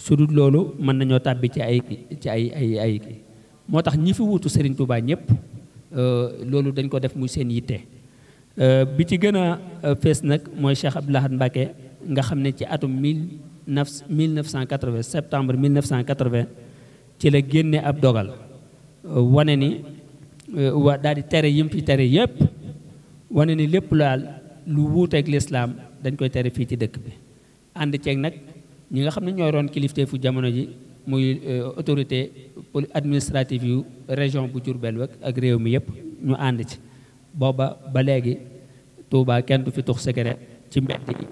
su dul loolu mën nañoo tàbbi ci ay ci ay ay ay kii moo tax ñi fi wuutu Serigne Touba ñëpp euh, loolu dañ ko def muy seen yitte euh, bi ci gën a euh, fees nag mooy Cheikh ab Lahad Mbacké nga xam ne ci atum mille neuf mille neuf cent quatre-vingt septembre mille neuf ci la génne ab dogal wane ni wa daal tere yim fi tere yëpp wane ni lépp laal lu wuuteeg lislaam dañ koy tere fii ci dëkk bi ànd ceeg nag. ñi nga xam ne ñooy roon fu jamono ji muy euh, autorité administrative yu région bu Diourbel wek ak réew mi yëpp ñu ànd ci booba ba léegi Touba kenn du fi tux secret ci mbedd yi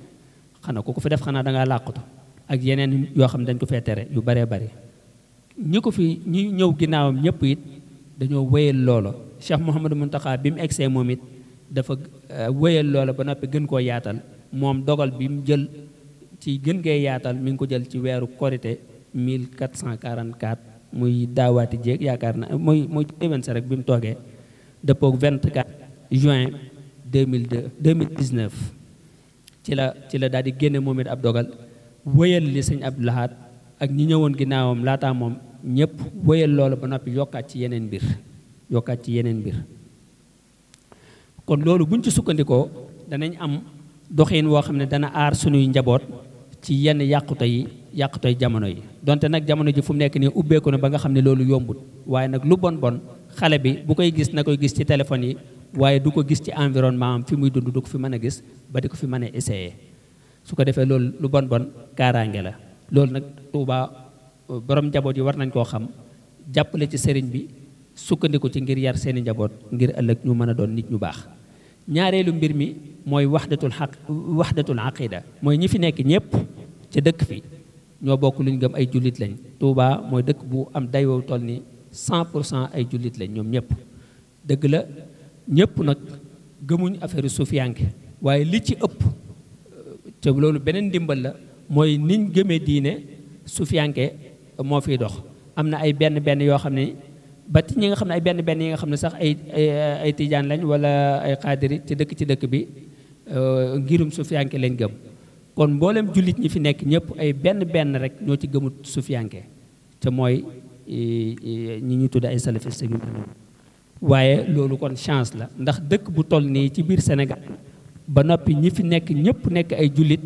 xanaa ku ko fi def xanaa da ngaa làqutu ak yeneen yoo xam ne dañ ko fee tere yu baree bari ñi ko fi ñi ñëw ginnaawam ñëpp it dañoo wéyal loola Cheikh Mouhamadou Mountakha bi mu egg see moom it dafa euh, wéyal loolo ba noppi gën koo yaatal moom dogal bi mu jël ci gën gee yaatal mi ngi ko jël ci weeru cent korité 1444 muy daawaati jéeg yaakaar na muy muy déwén sa rek bi mu toogee dëppoog 24 juin 2002 2019 ci la ci la daal di génne moom it ab dogal wëyal li sëñ ab Lahad ak ñi ñëwoon ginnaawam laataa moom ñëpp wëyal loolu ba noppi yokkaat ci yeneen mbir yokkaat ci yeneen mbir kon loolu buñ ci sukkandikoo danañ am doxin woo xam ne dana aar suñuy njaboot ci yenn yàqute yi yàqute jamono yi donte nag jamono ji fu nekk nii ubbeeku na ba nga xam ne loolu yombut waaye nag lu bon bon xale bi bu koy gis na koy gis ci téléphone yi waaye du ko gis ci environnement am fi muy dund du ko fi mën a gis ba di ko fi mën a essayer su ko defee loolu lu bon bon kaaraange la loolu nag Tuubaa borom njaboot yi war nañ koo xam jàppale ci sëriñ bi sukkandiku ci ngir yar seeni njaboot ngir ëllëg ñu mën a doon nit ñu baax ñaareelu mbir mi mooy waxdatul xaq waxdatul aqida mooy ñi fi nekk ñëpp ca dëkk fi ñoo bokk luñ gëm ay jullit lañ Touba mooy dëkk bu am dayoo toll ni 100 pour cent ay jullit lañ ñoom ñëpp dëgg la ñëpp nag gëmuñu affaire suufiyanke waaye li ci ëpp te loolu beneen ndimbal la mooy niñ gëmee diine suufiyanke moo fiy dox am na ay benn benn yoo xam ne ba ti ñi nga xam ne ay benn benn yi nga xam ne sax ay ay tijaan lañ wala ay xaadiri ci dëkk ci dëkk bi euh, ngirum sufiyanke lañ gëm kon mboolem jullit ñi fi nekk ñëpp ay benn benn rek ñoo ci gëmut sufiyanke te mooy ñi ñuy tudd ay salafiste waaye loolu kon chance la ndax dëkk bu toll nii ci biir Sénégal ba noppi ñi fi nekk ñëpp nekk ay jullit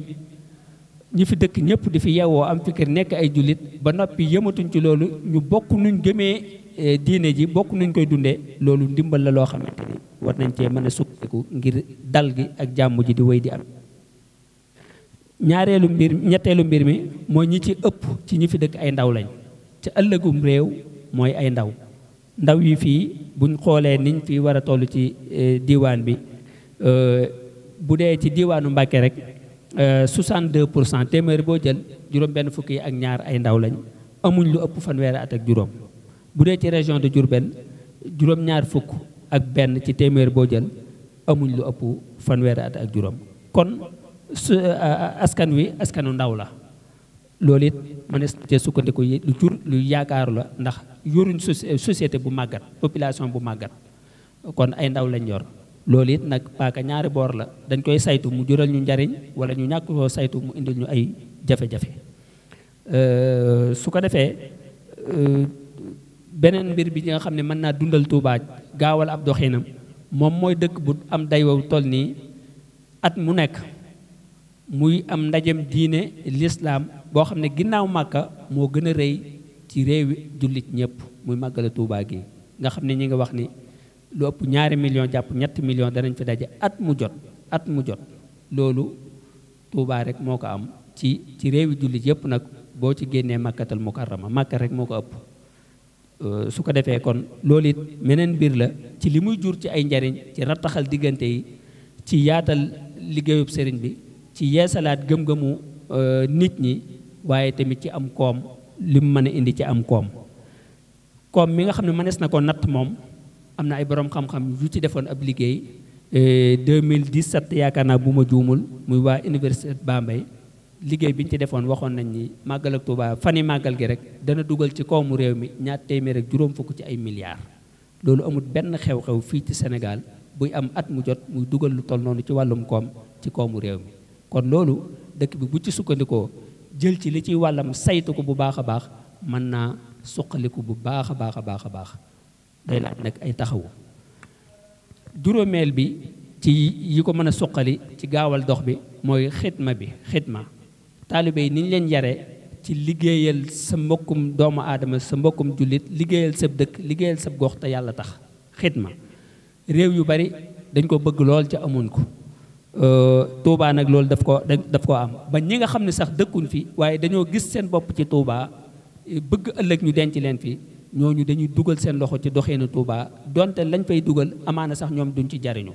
ñi fi dëkk ñëpp di fi yeewoo am fikir nekk ay jullit ba noppi yëmatuñ ci loolu ñu bokk nuñ gëmee Eh, diine ji bokk nuñ koy dundee loolu ndimbal la loo xamante ni war nañ cee mën a sukkandiku ngir dal gi ak jàmm ji di wéy di am ñaareelu mbir ñetteelu mbir mi mooy ñi ci ëpp ci ñi fi dëkk ay ndaw lañ ci ëllëgum réew mooy ay ndaw ndaw yi fii buñ xoolee niñ fi war a toll ci eh, diiwaan bi eh, bu dee ci diiwaanu Mbàkke rek 62 pour cent téeméer boo jël juróom benn fukki ak ñaar ay ndaw lañ amuñ lu ëpp fanweeri at ak juróom bu dee ci région de Diourbel juróom-ñaar fukk ak benn ci téeméer boo jël amuñ lu ëpp fanweeri at ak juróom kon su askan wi askanu ndaw la loolu it mënees te sukkandiku yi lu jur lu yaakaaru la ndax yoruñ société bu màggat population bu màggat kon ay ndaw lañ yor loolu it nag paaka ñaari boor la dañ koy saytu mu jural ñu njariñ wala ñu ñàkk koo saytu mu indi ñu ay jafe-jafe euh, su ko defee euh, beneen mbir bi nga xam ne mën naa dundal Touba gaawal ab doxinam moom mooy dëkk bu am dayoo toll nii at mu nekk muy am ndajem diine lislaam boo xam ne ginnaaw màkka moo gën a rëy ci réewi jullit ñëpp muy màggale Touba gi nga xam ne ñi nga wax ni lu ëpp ñaari million jàpp ñetti million danañ fi daje at mu jot at mu jot loolu Touba rek moo ko am ci ci réewi jullit yëpp nag boo ci génnee màkkatal mukarrama màkka rek moo ko ëpp Euh, su ko defee kon loolu it meneen mbir la ci li muy jur ci ay njariñ ci rattaxal diggante yi ci yaatal liggéeyub sëriñ bi ci yeesalaat gëm-gëmu euh, nit ñi waaye tamit ci am koom li mu mën a indi ci am koom koom mi nga xam ne mënees na ko natt moom am na ay boroom xam-xam yu ci defoon ab liggéey 2017 euh, yaakaar naa bu ma juumul muy waa université Bambey liggéey bi ñu ci defoon waxoon nañ ni màggal ak Touba fani màggal gi rek dana dugal ci koomu réew mi ñaar téeméer ak juróom fukk ci ay milliards. loolu amul benn xew-xew fii ci senegal buy am at mu jot muy dugal lu toll noonu ci wàllum koom ci koomu réew mi kon loolu dëkk bi bu ci sukkandikoo jël ci li ciy wàllam saytu ko bu baax a baax mën naa suqaliku bu baax a baax a baax a baax day laaj nag ay taxawu juróomeel bi ci yi ko mën a suqali ci gaawal dox bi mooy xitma bi xitma. taalibe yi ni leen yare ci liggéeyal sa mbokkum doomu aadama sa mbokkum jullit liggéeyal sab dëkk liggéeyal sab gox te yàlla tax xidma réew yu bari dañ ko bëgg lool ca amuñ ko euh, Touba nag loolu daf ko daf koo am ba ñi nga xam ne sax dëkkuñ fi waaye dañoo gis seen bopp ci Touba bëgg ëllëg ñu denc leen fi ñooñu dañuy dugal seen loxo ci doxeenu Touba donte lañ fay dugal amaana sax ñoom duñ ci jariñu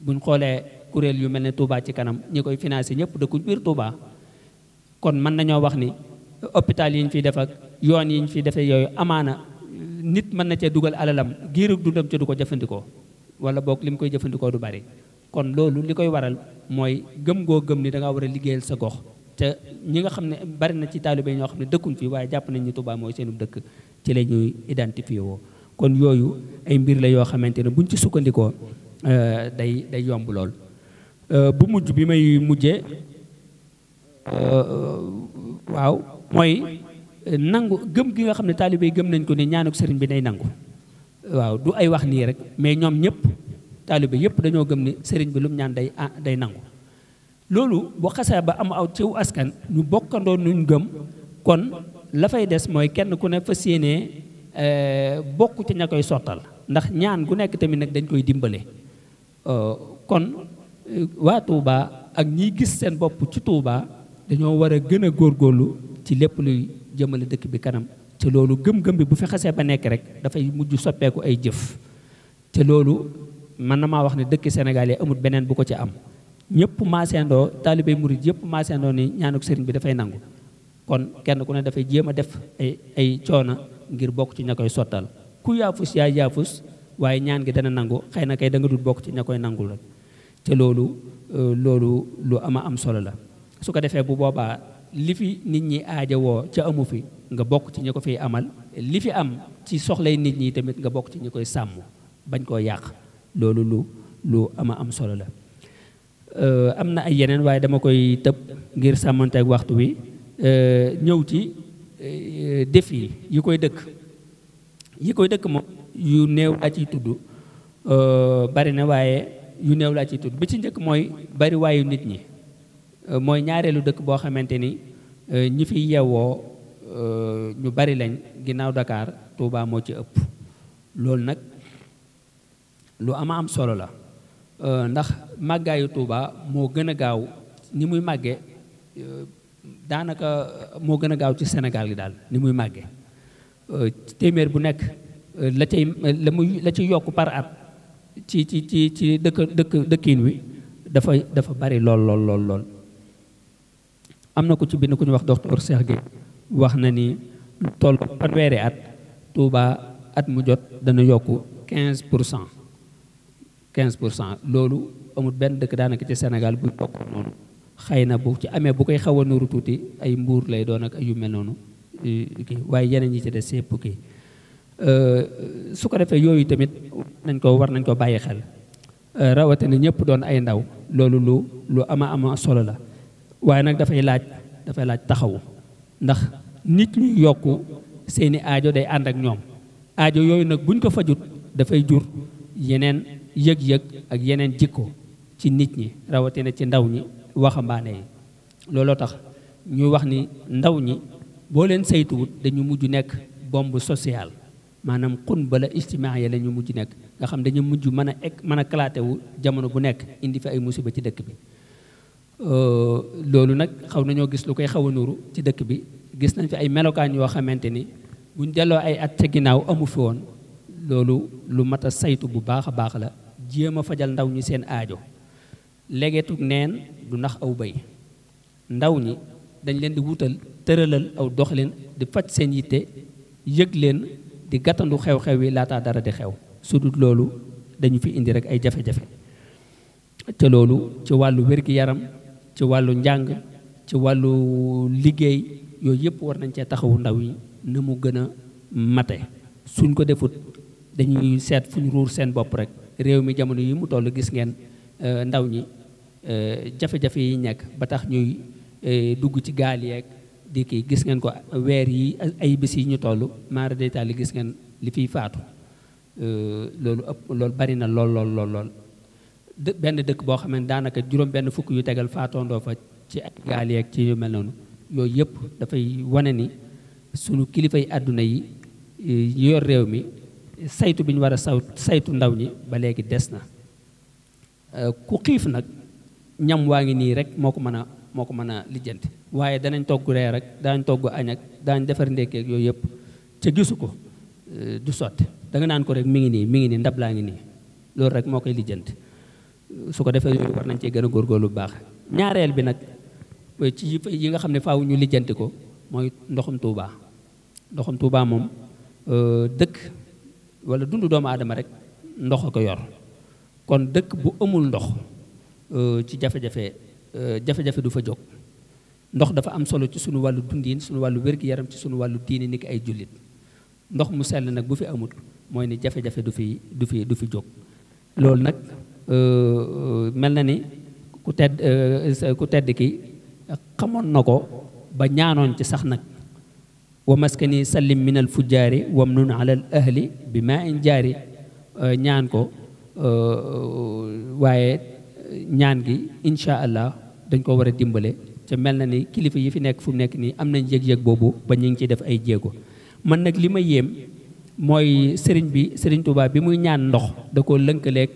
buñ xoolee kuréel yu mel ne Touba ci kanam ñi koy financé ñëpp dëkkuñ biir Touba. kon mën nañoo wax ni hôpital yi ñu fiy def ak yoon yi ñu fiy defee yooyu amaana nit mën na cee dugal alalam giirug dundam ci du ko jëfandikoo wala boog li koy jëfandikoo du bari kon loolu li koy waral mooy gëm goo gëm ni da ngaa war a liggéeyal sa gox te ñi nga xam ne bari na ci taalibe ñoo xam ne dëkkuñ fi waaye jàpp nañ ni Tuubaa seenu dëkk ci la ñuy woo kon yooyu ay mbir la yoo xamante ne buñ ci sukkandikoo euh, day day yomb lool euh, bu mujj bi Euh, waaw mooy nangu gëm gi nga xam ne taalibe yi gëm nañ ko ne ñaanuk sëriñ bi day nangu waaw du ay wax nii rek mais ñoom ñëpp taalibe yëpp dañoo gëm ne sëriñ bi lu mu ñaan day ah, day nangu loolu bu xasee ba am aw ciw askan ñu bokkandoo nuñ gëm kon la fay des mooy kenn ku ne fas yéenee euh, bokk ci ña koy sottal ndax ñaan gu nekk tamit nag dañ koy dimbale euh, kon waa Touba ak ñiy gis seen bopp ci Touba dañoo war a gën a góor góorlu ci lépp luy jëmale dëkk bi kanam te loolu gëm-gëm bi bu fi xasee ba nekk rek dafay mujj soppeeku ay jëf te loolu man na maa wax ne dëkk Sénégal yi amul beneen bu ko ci am ñëpp maasandoo taalibey murit yëpp maasandoo ni ñaanuk sëriñ bi dafay nangu kon kenn ku ne dafay jéem a def ay ay coona ngir bokk ci ña koy sottal ku yaafus yaa yaafus waaye ñaan gi dana nangu xëy na kay da nga bokk ci ña koy nangul rek te loolu euh, loolu lu ama am solo la su ko defee bu boobaa li fi nit ñi aajowoo ca amu fi nga bokk ci ñi ko fiy amal li fi am ci soxlay nit ñi tamit nga bokk ci ñi koy sàmmu bañ koo yàq loolu lu lu ama am solo la euh, am na ay yeneen waaye dama koy tëb ngir sàmmanteeg waxtu wi euh, ñëw ci euh, défi yi koy dëkk yi koy dëkk moom yu néew laa ciy tudd bari na waaye yu néew laa ciy tudd bi ci njëkk mooy bari waayu nit ñi Euh, mooy ñaareelu dëkk boo xamante ni euh, ñi fi yewoo euh, ñu bari lañ ginnaaw dakaar tuubaa moo ci ëpp loolu nag lu ama am solo la ndax màggaayu tuubaa moo gën a gaaw ni muy màgge daanaka moo gën a gaaw ci senegal gi daal ni muy màgge téeméer bu nekk la cay la muy la ci yokk par at ci ci ci ci dëkk dëkk dëkkiin wi dafa dafa bari lool lool lool lool am na ko ci bind ku ñu wax docteur Cheikh Gueye wax na ni toll fanweeri at Touba at mu jot dana yokk 15 pour cent quinze pour cent loolu amut benn dëkk daanaka ci Sénégal bu bokk noonu xëy na bu ci amee bu koy xaw a nuru tuuti ay mbuur lay doon ak ay yu mel noonu eh, ki waaye yeneen yi ci des sépp kii euh, su ko defee yooyu tamit nañ ko war nañ ko bàyyi xel euh, rawatina ñëpp doon ay ndaw loolu lu lu ama ama solo la waaye nag dafay laaj dafay laaj taxawu ndax nit ñuy yokk seeni aajo day ànd ak ñoom aajo yooyu nag buñ ko fajut dafay jur yeneen yëg-yëg ak yeneen jikko ci nit ñi rawatina ci ndaw ñi waxambaane yi looloo tax ñuy wax ni ndaw ñi boo leen saytuwut dañu mujj nekk bombe sociale maanaam xun bala ijtimaa ya la ñu mujj nekk nga xam dañu mujj mën a ek mën a kalaate wu jamono bu nekk indi fi ay musiba ci dëkk bi Euh, loolu nag xaw nañoo gis lu koy xaw a nuru ci dëkk bi gis nañ fi ay melokaan yoo xamante ni buñ delloo ay at ca ginnaaw amu fi woon loolu lu mat a saytu bu baax a baax la jéem a fajal ndaw ñi seen aajo legetu neen du nax aw bay ndaw ñi dañ leen di wutal tëralal aw doxalin di faj seen yitte yëg leen di gàttandu xew-xew yi laataa dara di xew su loolu dañu fi indi rek ay jafe-jafe te loolu ci wàllu wér yaram ci wàllu njàng ci wàllu liggéey yooyu yëpp war nañ cee taxawu ndaw yi na mu gën a mate suñ ko defut dañuy seet fuñ ruur seen bopp rek réew mi jamono yi mu toll gis ngeen euh, ndaw ñi euh, jafe-jafe yi nekk ba tax ñuy euh, dugg ci gaal yeeg di kii gis ngeen ko weer yi ay bis yi ñu toll maara detaali gis ngeen li fiy faatu loolu ëpp loolu bari na lool lool lool lool benn dëkk boo xam ne daanaka juróom benn fukk yu tegal faatondoo fa ci ak gaal ci yu mel noonu yooyu yëpp dafay wane ni sunu kilifa yi àdduna yi yor réew mi saytu bi ñu war a saw saytu ndaw ñi ba léegi des na euh, ku nag ñam waa ngi nii rek moo ko mën a moo ko mën a lijjanti waaye danañ togg reer rek daañ togg añ ak defar ndékkeeg yooyu yëpp ca gisu ko euh, du sotti da naan ko rek mi ngi nii mi ngi nii ndab laa ngi nii loolu rek moo koy lijjanti su ko defee war nañ cee gën a góorgóorlu lu baax ñaareel bi nag ci yi nga xam ne faaw ñu lijjanti ko mooy ndoxum Touba ndoxum Touba moom euh, dëkk wala dundu doomu aadama rek ndox a ko yor kon dëkk bu amul ndox euh, ci jafe-jafe euh, jafe-jafe du fa jóg ndox dafa am solo ci suñu wàllu dundiin suñu wàllu wér-gi-yaram ci suñu wàllu diini ni ki ay jullit ndox mu sell nag bu fi amul mooy ni jafe-jafe du fi du fi du fi jóg loolu nag Euh, euh, mel na ni ku tedd euh, ku tedd ki xamoon na ko ba ñaanoon ci sax nag wa maskani sallim min al fujjaari wamnun ala al ahli bi maa in jaari ñaan ko waaye ñaan gi incha allah dañ ko war a dimbale te mel na ni kilifa yi fi nekk fu nekk nii am nañ yëg-yëg boobu ba ñu ngi ciy def ay jéego man nag li ma yéem mooy sëriñ bi sëriñ Tuubaa bi muy ñaan ndox da koo lënkaleeg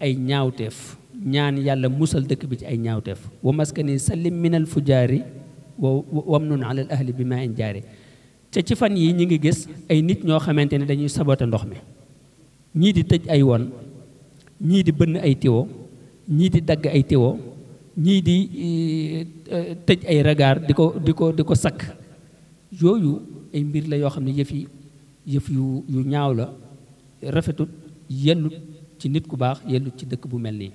ay ñaawteef ñaan yàlla musal dëkk bi ci ay ñaawteef wa maskani sallim min fu fujaari wa wamnun ala al ahli bi ma in jaari te ci fan yi ñi ngi gis ay nit ñoo xamante ne dañuy sabote ndox mi ñii di tëj ay won ñii di bënn ay tiwo ñii di dagg ay tiwo ñii di eh, eh, tëj ay ragar di ko di ko di ko sakk yooyu ay mbir la yoo xam ne yëf yi yëf yu yu ñaaw la rafetut yellut ci nit ku baax yellu ci dëkk bu mel nii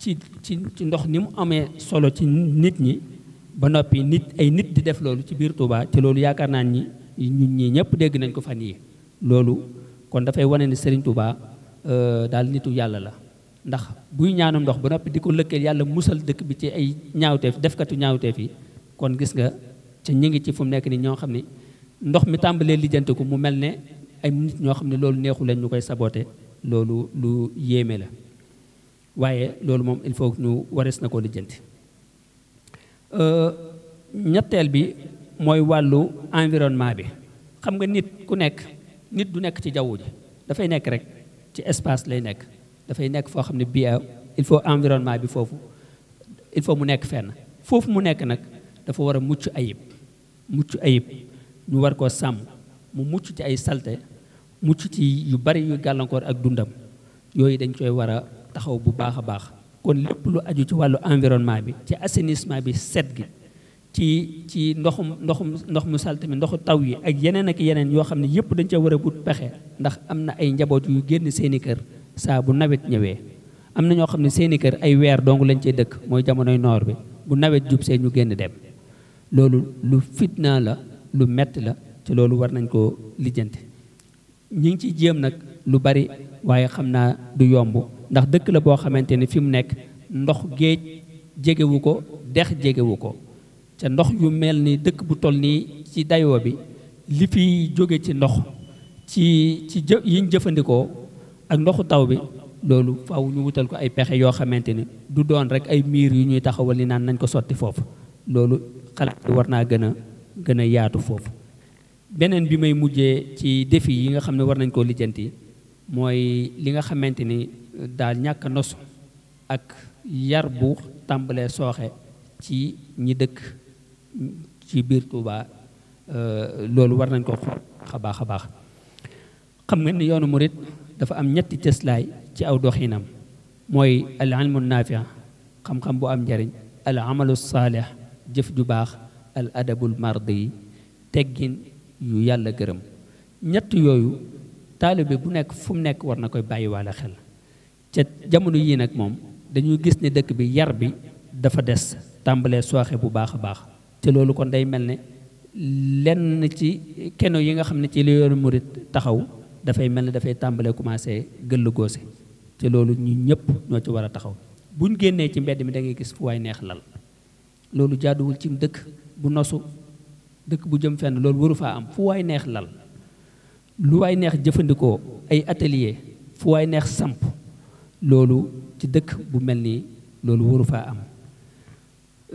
ci ci ci ndox ni mu amee solo ci nit ñi ba noppi nit ay nit di def loolu ci biir Touba ci loolu yaakaar naa ni ñun ñii ñëpp dégg nañ ko fan yi loolu kon dafay wane ne Serigne Touba euh, daal nitu yàlla la ndax buy ñaanam ndox ba noppi di ko lëkkeel yàlla musal dëkk bi ci ay ñaawteef defkatu ñaawteef yi kon gis nga ca ñi ngi ci fu mu nekk nii ñoo xam ne ndox mi tàmbalee lijjante ko mu mel ne ay nit ñoo xam ne loolu neexu leen ñu koy sabote loolu lu yéeme la waaye loolu moom il faut ñu warees na ko lijjanti euh, ñetteel bi mooy wàllu environnement bi xam nga nit ku nekk nit du nekk ci jaww ji dafay nekk rek ci espace lay nekk dafay nekk foo xam ne bii il faut environnement bi foofu il faut mu nekk fenn foofu mu nekk nag dafa war a mucc ayib mucc ayib ñu war koo sàmm mu mucc ci ay salte mucc ci yu bari yu gàllankoor ak dundam yooyu dañ koy war a taxaw bu baax a baax kon lépp lu aju ci wàllu environnement bi ci assainissement bi set gi ci ci ndoxum ndoxum ndox mu salte mi ndoxu taw yi ak yeneen ak yeneen yoo xam ne yëpp dañ ca war a but pexe ndax am na ay njaboot yu génn seeni kër saa bu nawet ñëwee am na ñoo xam ne seeni kër ay weer dong lañ cee dëkk mooy jamonoy noor bi bu nawet jub see ñu génn dem loolu lu fitna la lu metti la ci loolu war nañ koo lijjanti ñi ngi ciy jéem nag lu bari waaye xam naa du yomb ndax dëkk la boo xamante ni fi mu nekk ndox géej jegewu ko dex jegewu ko te ndox yu mel ni dëkk bu toll nii ci dayoo bi li fi jóge ci ndox ci ci jë yiñ jëfandikoo ak ndoxu taw bi loolu faw ñu wutal ko ay pexe yoo xamante ni du doon rek ay miir yu ñuy taxawal ni naan nañ ko sotti foofu loolu xalaat war naa gën a gën a yaatu foofu beneen bi may mujjee ci défi yi nga xam ne war nañ koo lijjanti mooy li nga xamante ni euh, daal ñàkk nosu ak yar bu tàmbalee sooxe ci ñi dëkk ci biir Touba euh, loolu war nañ ko xa baax a baax xam nga ni yoonu murit dafa am ñetti cëslaay ci aw doxinam mooy al ilmu naafi xam-xam bu am njariñ al amalu saalih jëf ju baax al adabul mardi teggin yu yàlla gërëm ñett yooyu taalibe bu nekk fu mu nekk war na koy bàyyiwaale xel ca jamono yii nag moom dañuy gis ne dëkk bi yar bi dafa des tàmbalee sooxe bu baax a baax te loolu kon day mel ne lenn ci keno yi nga xam ne ci li yoonu murit taxaw dafay mel ne dafay tàmbalee commencé gëll goose te loolu ñu ñëpp ñoo ci war a taxaw buñ génnee ci mbedd mi da ngay gis fu waay neex lal loolu jaaduwul ci dëkk bu nosu dëkk bu jëm fenn loolu waru faa am fu waay neex lal lu waay neex jëfandikoo ay atelier fu waay neex samp loolu ci dëkk bu mel nii loolu waru faa am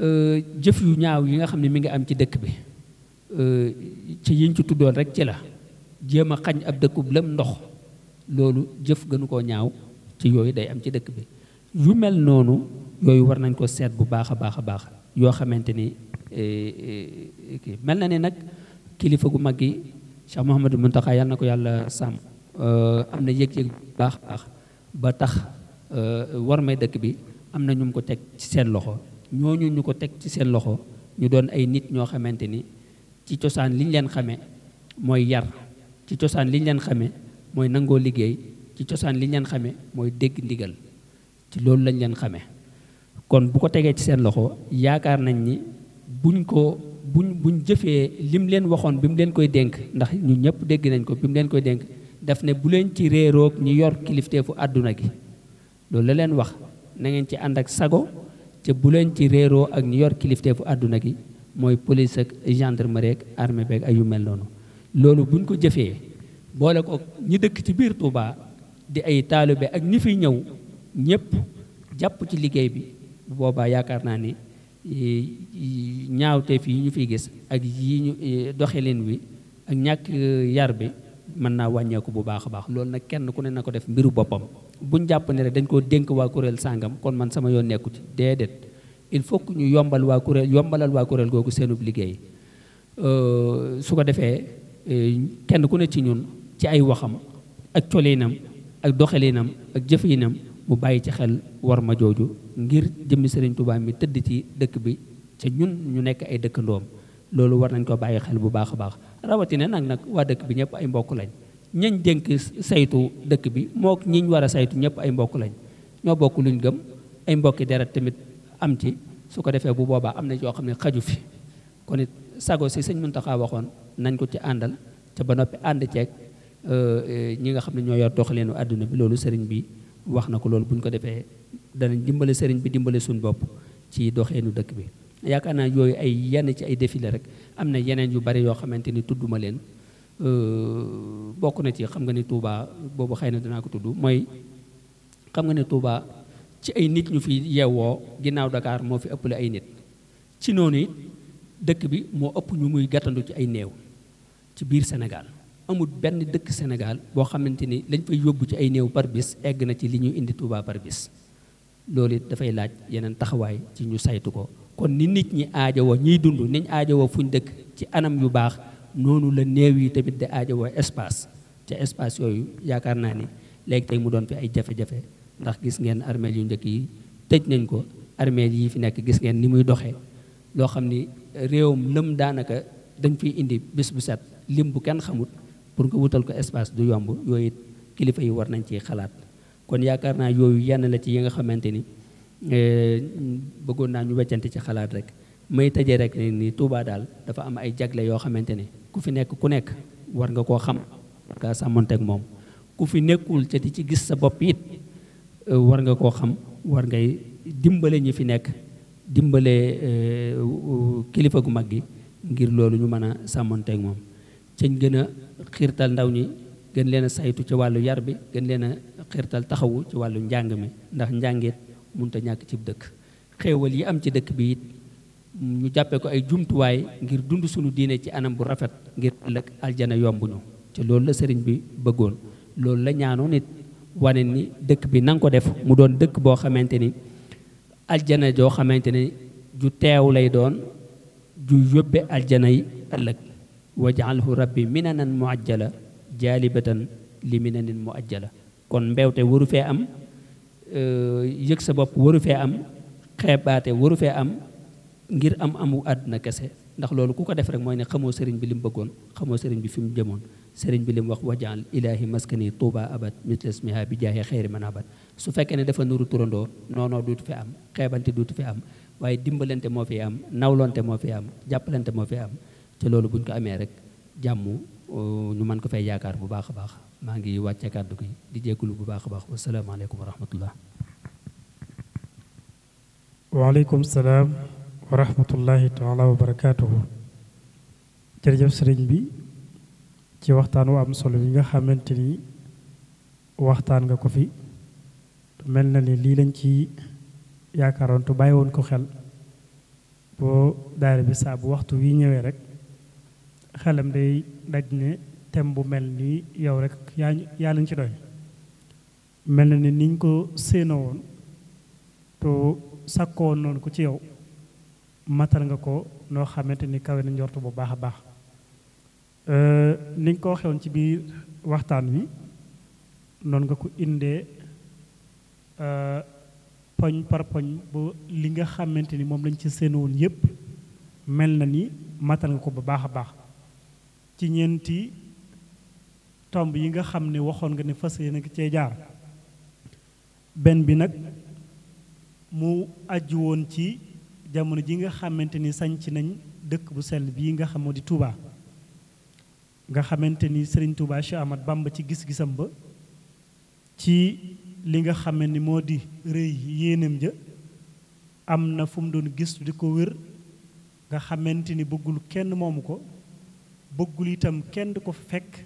euh, jëf yu ñaaw yi nga xam ne mi ngi am ci dëkk bi euh, ci yiñ ci tuddoon rek ci la jéem a xañ ab dëkkub lam ndox loolu jëf gënu koo ñaaw ci yooyu day am ci dëkk bi yu mel noonu yooyu war nañ ko seet bu baax a baax a baax yoo xamante ni Eh, eh, kii mel na ne nag kilifa gu mag gi Cheikh Mouhamadou Mountakha yàlla na ko yàlla sàmm eh, am na yëg-yëg bu baax baax ba tax war may dëkk bi am na ñu ko teg ci seen loxo ñooñu ñu ko teg ci seen loxo ñu doon ay nit ñoo xamante ni ci cosaan liñ leen xamee mooy yar ci cosaan liñ leen xamee mooy nangoo liggéey ci cosaan li ñu leen xamee mooy dégg ndigal ci loolu lañ leen xamee kon bu ko tegee ci seen loxo yaakaar nañ ni buñ ko buñ buñ jëfee lim leen waxoon bi mu leen koy dénk ndax ñu ñëpp dégg nañ ko bi mu leen koy dénk daf ne bu leen ci réeroog ñi yor kilifteefu àdduna gi loolu la leen wax na ngeen ci ànd ak sago te bu leen ci réeroo ak ñi yor kilifteefu àdduna gi mooy police ak gendarmerie ak armée beeg ay yu mel noonu loolu buñ ko jëfee boole ko ñi dëkk ci biir Touba di ay taalibe ak ñi fi ñëw ñëpp jàpp ci liggéey bi boobaa yaakaar naa ni ñaawteef yi ñu fi gis ak yi ñu eh, doxalin wi ak ñàkk eh, yar bi mën naa wàññeeku bu baax a baax loolu nag kenn ku ne na ko def mbiru boppam buñ jàpp ne dañ koo dénk waa kuréel sàngam kon man sama yoon nekku ci déedéet il faut ñu yombal waa kuréel yombalal waa kuréel googu seenub liggéey euh, su ko defee eh, kenn ku ne ci ñun ci ay waxam ak colinam ak doxalinam ak jëfinam mu bàyyi ci xel war ma jooju ngir jëmmi sëriñ Tuubaa mi tëdd ci dëkk bi ca ñun ñu nekk ay dëkkandoom loolu war nañ ko bàyyi xel bu baax a baax rawatina nag nag waa dëkk bi ñëpp ay mbokk lañ ñañ dénk saytu dëkk bi mook ñiñ war a saytu ñëpp ay mbokk lañ ñoo bokk luñ gëm ay mbokki deret tamit am ci su ko defee bu boobaa am na yoo xam ne xaju fi kon it sago si sëñ Muntaxa waxoon nañ ko ci àndal ca ba noppi ànd ceeg euh, euh, ñi nga xam ne ñoo yor leenu àdduna bi loolu sëriñ bi wax na ko loolu bu ñu ko defee danañ dimbale sëriñ bi dimbale suñu bopp ci doxeenu dëkk bi yaakaar naa yooyu ay yenn ci ay défi la rek am na yeneen yu bari yoo xamante ni tudd ma leen bokk na ci xam nga ni Touba boobu xëy na dinaa ko tudd mooy xam nga ne tuuba ci ay nit ñu fi yeewoo ginnaaw dakaar moo fi ëppale ay nit ci noonu it dëkk bi moo ëpp ñu muy gàttandu ci ay néew ci biir Sénégal amul benn dëkk Sénégal boo xamante ni lañ fay yóbbu ci ay néew par bis egg na ci li ñu indi Touba par bis loolu it dafay laaj yeneen taxawaay ci ñu saytu ko kon ni nit ñi aajowoo ñiy dund niñ aajowoo fuñ dëkk ci anam yu baax noonu la néew yi tamit di aajowoo espace ca espace yooyu yaakaar naa ni léegi mu doon fi ay jafe-jafe ndax gis ngeen armeel yu njëkk yi tëj nañ ko armeel yii fi nekk gis ngeen ni muy doxee loo xam ni réewam lëm daanaka dañ fiy indi bis bu set lim bu pour nga wutal ko espace du yomb yooyu it kilifa yi war nañ ci xalaat kon yaakaar naa yooyu yenn la ci yi nga xamante ni eh, bëggoon naa ñu weccante ci xalaat rek may tëjee rek ni tuubaa daal dafa am ay jagle yoo xamante ni ku fi nekk ku nekk war nga koo xam nga sàmmonteeg moom ku fi nekkul ca di ci gis sa bopp it eh, war nga koo xam war ngay dimbale ñi fi nekk dimbale eh, kilifa gu mag gi ngir loolu ñu mën a sàmmonteeg moom cañ gën a xiirtal ndaw ñi gën leen saytu ci wàllu yar bi gën leen a xiirtal taxawu ci wàllu njàng mi ndax njàngeet munta ñàkk cib dëkk xéewal yi am ci dëkk bi it ñu jàppee ko ay jumtuwaay ngir dund suñu diine ci anam bu rafet ngir ëllëg aljana yomb ñu te loolu la sëriñ bi bëggoon loolu la ñaanoo nit wane ni dëkk bi nang ko def mu doon dëkk boo xamante ni aljana joo xamante ni ju teew lay doon ju yóbbe aljana yi ëllëg wajaalhu rabbi minanan muajjala jaalibatan li minanin muajjala kon mbewte waru fee am euh, yëg sa bopp waru fee am xeebaate waru fee am ngir am amu àdduna kese ndax loolu ku ko def rek mooy ne xamoo sëriñ bi li mu bëggoon xamoo sëriñ bi fi mu jëmoon sëriñ bi li mu wax wajaal ilaahi maskani tuuba abad mitlasmiha bi jaaxee xeeri man abad su fekkee ne dafa nuru turandoo noonoo duutu fi am xeebante duutu fi am waaye dimbalante moo fi am nawlonte moo fi am jàppalante moo fi am te loolu buñ ko amee rek jàmm euh, ñu mën ko fay yaakaar bu baax a baax maa ngi wàcce kàddu gi di jégalu bu baax a baax wasalaamaaleykum wa rahmatullah waaleykum salaam wa rahmatullahi taala wa barakaatuhu jërëjëf sëriñ bi ci waxtaan am solo yi nga xamante ni waxtaan nga ko fi mel na ni lii lañ ci yaakaaroon te bàyyi woon ko xel boo daara bi saa bu waxtu wi ñëwee rek xelam day daj ne thème bu mel nii yow rek yaa yaa lañ ci doy mel na ni niñ ko séenoo woon to sàkkoo noonu ko ci yow matal nga ko noo xamante ni kawe na njort bu baax a baax niñ ko waxee woon ci biir waxtaan wi noonu nga ko indee poñ par poñ ba li nga xamante ni moom lañ ci séen woon yépp mel na ni matal nga ko bu baax a baax ci ñeenti tomb yi nga xam ne waxoon nga ne fas yéene cee jaar benn bi nag mu aju woon ci jamono ji nga xamante ni sanc nañ dëkk bu sell bii nga xamoo di Touba nga xamante ni Serigne Touba Cheikh Ahmad ci gis-gisam ba ci li nga xam ni moo di rëy yéenam ja am na fu mu doon gis di ko wér nga xamante ni bëggul kenn moomu ko bëggul itam kenn du ko fekk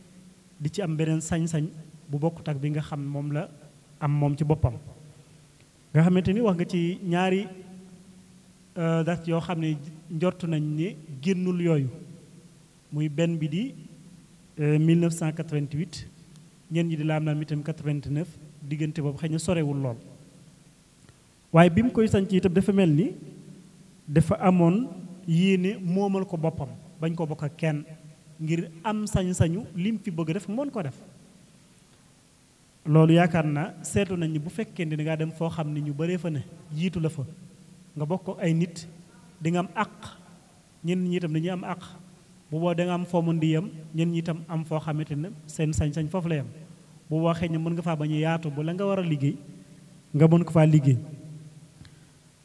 di ci am beneen sañ-sañ bu bokkut ak bi nga xam moom la am moom ci boppam nga xamante ni wax nga ci ñaari euh, dat yoo xam ne njort nañ ne génnul yooyu muy benn bi di 1988 euh, ñenn ñi di laam laam itam 89 diggante boobu xëy na sorewul lool waaye bi mu koy sanc itam dafa mel ni dafa amoon yéene moomal ko boppam bañ ko bokk kenn ngir am sañ-sañu lim fi bëgg def mën ko def loolu yaakaar na seetu nañ ni bu fekkee ne dangaa dem foo xam ne ñu baree fa ne jiitu la fa nga bokk ko ay nit di am àq ñenn ñi itam dañuy am àq bu boo da am foo mën di yem ñenn ñi itam am foo xamante ne seen sañ-sañ foofu la yem bu waxee ne mën nga faa bañ a yaatu ba la nga war a liggéey nga mën ko faa liggéey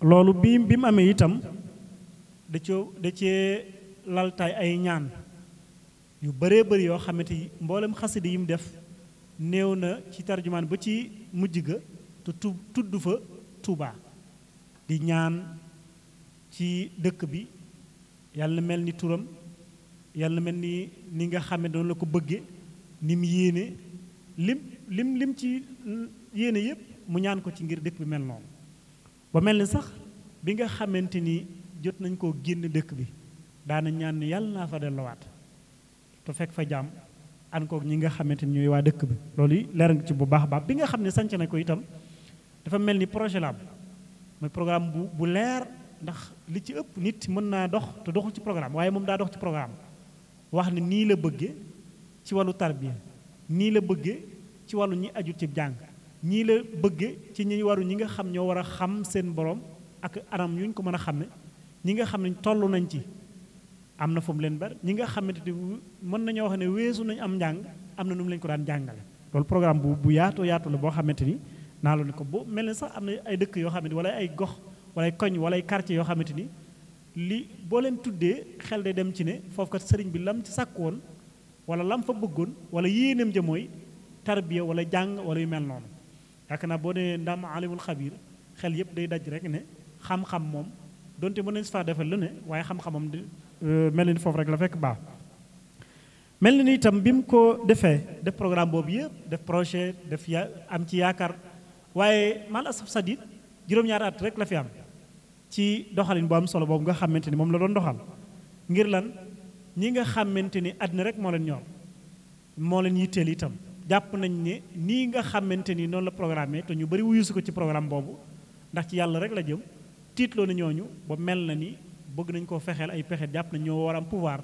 loolu bi bi mu amee itam da cee da cee laltaay ay ñaan yu bëree bëri yoo xamante ni mboolem xasida yi mu def néew na ci tarjumaan ba ci mujj ga te tu tudd fa Tuuba di ñaan ci dëkk bi yàlla mel ni turam yàlla mel ni ni nga xam doon la ko bëgge ni mu yéene lim lim lim ci yéene yëpp mu ñaan ko ci ngir dëkk bi mel noonu ba mel ni sax bi nga xamante ni jot nañ koo génn dëkk bi daana ñaan ni yàlla naa fa delluwaat te fekk fa jàmm an ñi nga xamante ni ñooy waa dëkk bi loolu yi ci bu baax baax bi nga xam ne sanc na ko itam dafa mel ni projet la am programme bu bu leer ndax li ci ëpp nit mën naa dox te doxul ci programme waaye moom daa dox ci programme wax ne nii la bëggee ci wàllu tarbiya nii la bëggee ci wàllu ñi aju ci jàng ñii la bëggee ci ñi waru ñi nga xam ñoo war a xam seen borom ak anam yuñ ko mën a xam ne ñi nga xam ne toll nañ ci am na foofu mu leen bar ñi nga xamante mu mën nañoo wax ne weesu nañu am njàng am na nu mu leen ko daan jàngale loolu programme bu bu yaatu la boo xamante ni naa loolu ko bu mel ne sax am na ay dëkk yoo xamante ni wala ay gox wala ay koñ ay quartier yoo xamante ni li boo leen tuddee xel day dem ci ne foofu kat sëriñ bi lam ci sàkk woon wala lam fa bëggoon wala yéeneem ja mooy tarbiya wala jàng wala yu mel noonu yaakaar naa boo nee ndam alimul xabiir xel yëpp day daj rek ne xam-xam moom donte mën nañu si faa defal lu ne waaye xam-xamam Euh, mel na ni foofu rek la fekk baax mel na ni itam bi mu ko defee def programme boobu yëpp def projet def ya am ci yaakaar waaye mal asaf sadid juróom-ñaari at rek la fi am ci doxalin bu am solo boobu nga xamante ni moom la doon doxal ngir lan ñi nga xamante ni àddina rek moo leen ñor moo leen yitteel itam jàpp nañ ne nii nga xamante ni noonu la programme te ñu bari wuyusu ko ci programme boobu ndax ci yàlla rek la jëm tiitloo na ñooñu na ni bëgg nañ ko fexeel ay pexe jàpp nañ ñoo war a am pouvoir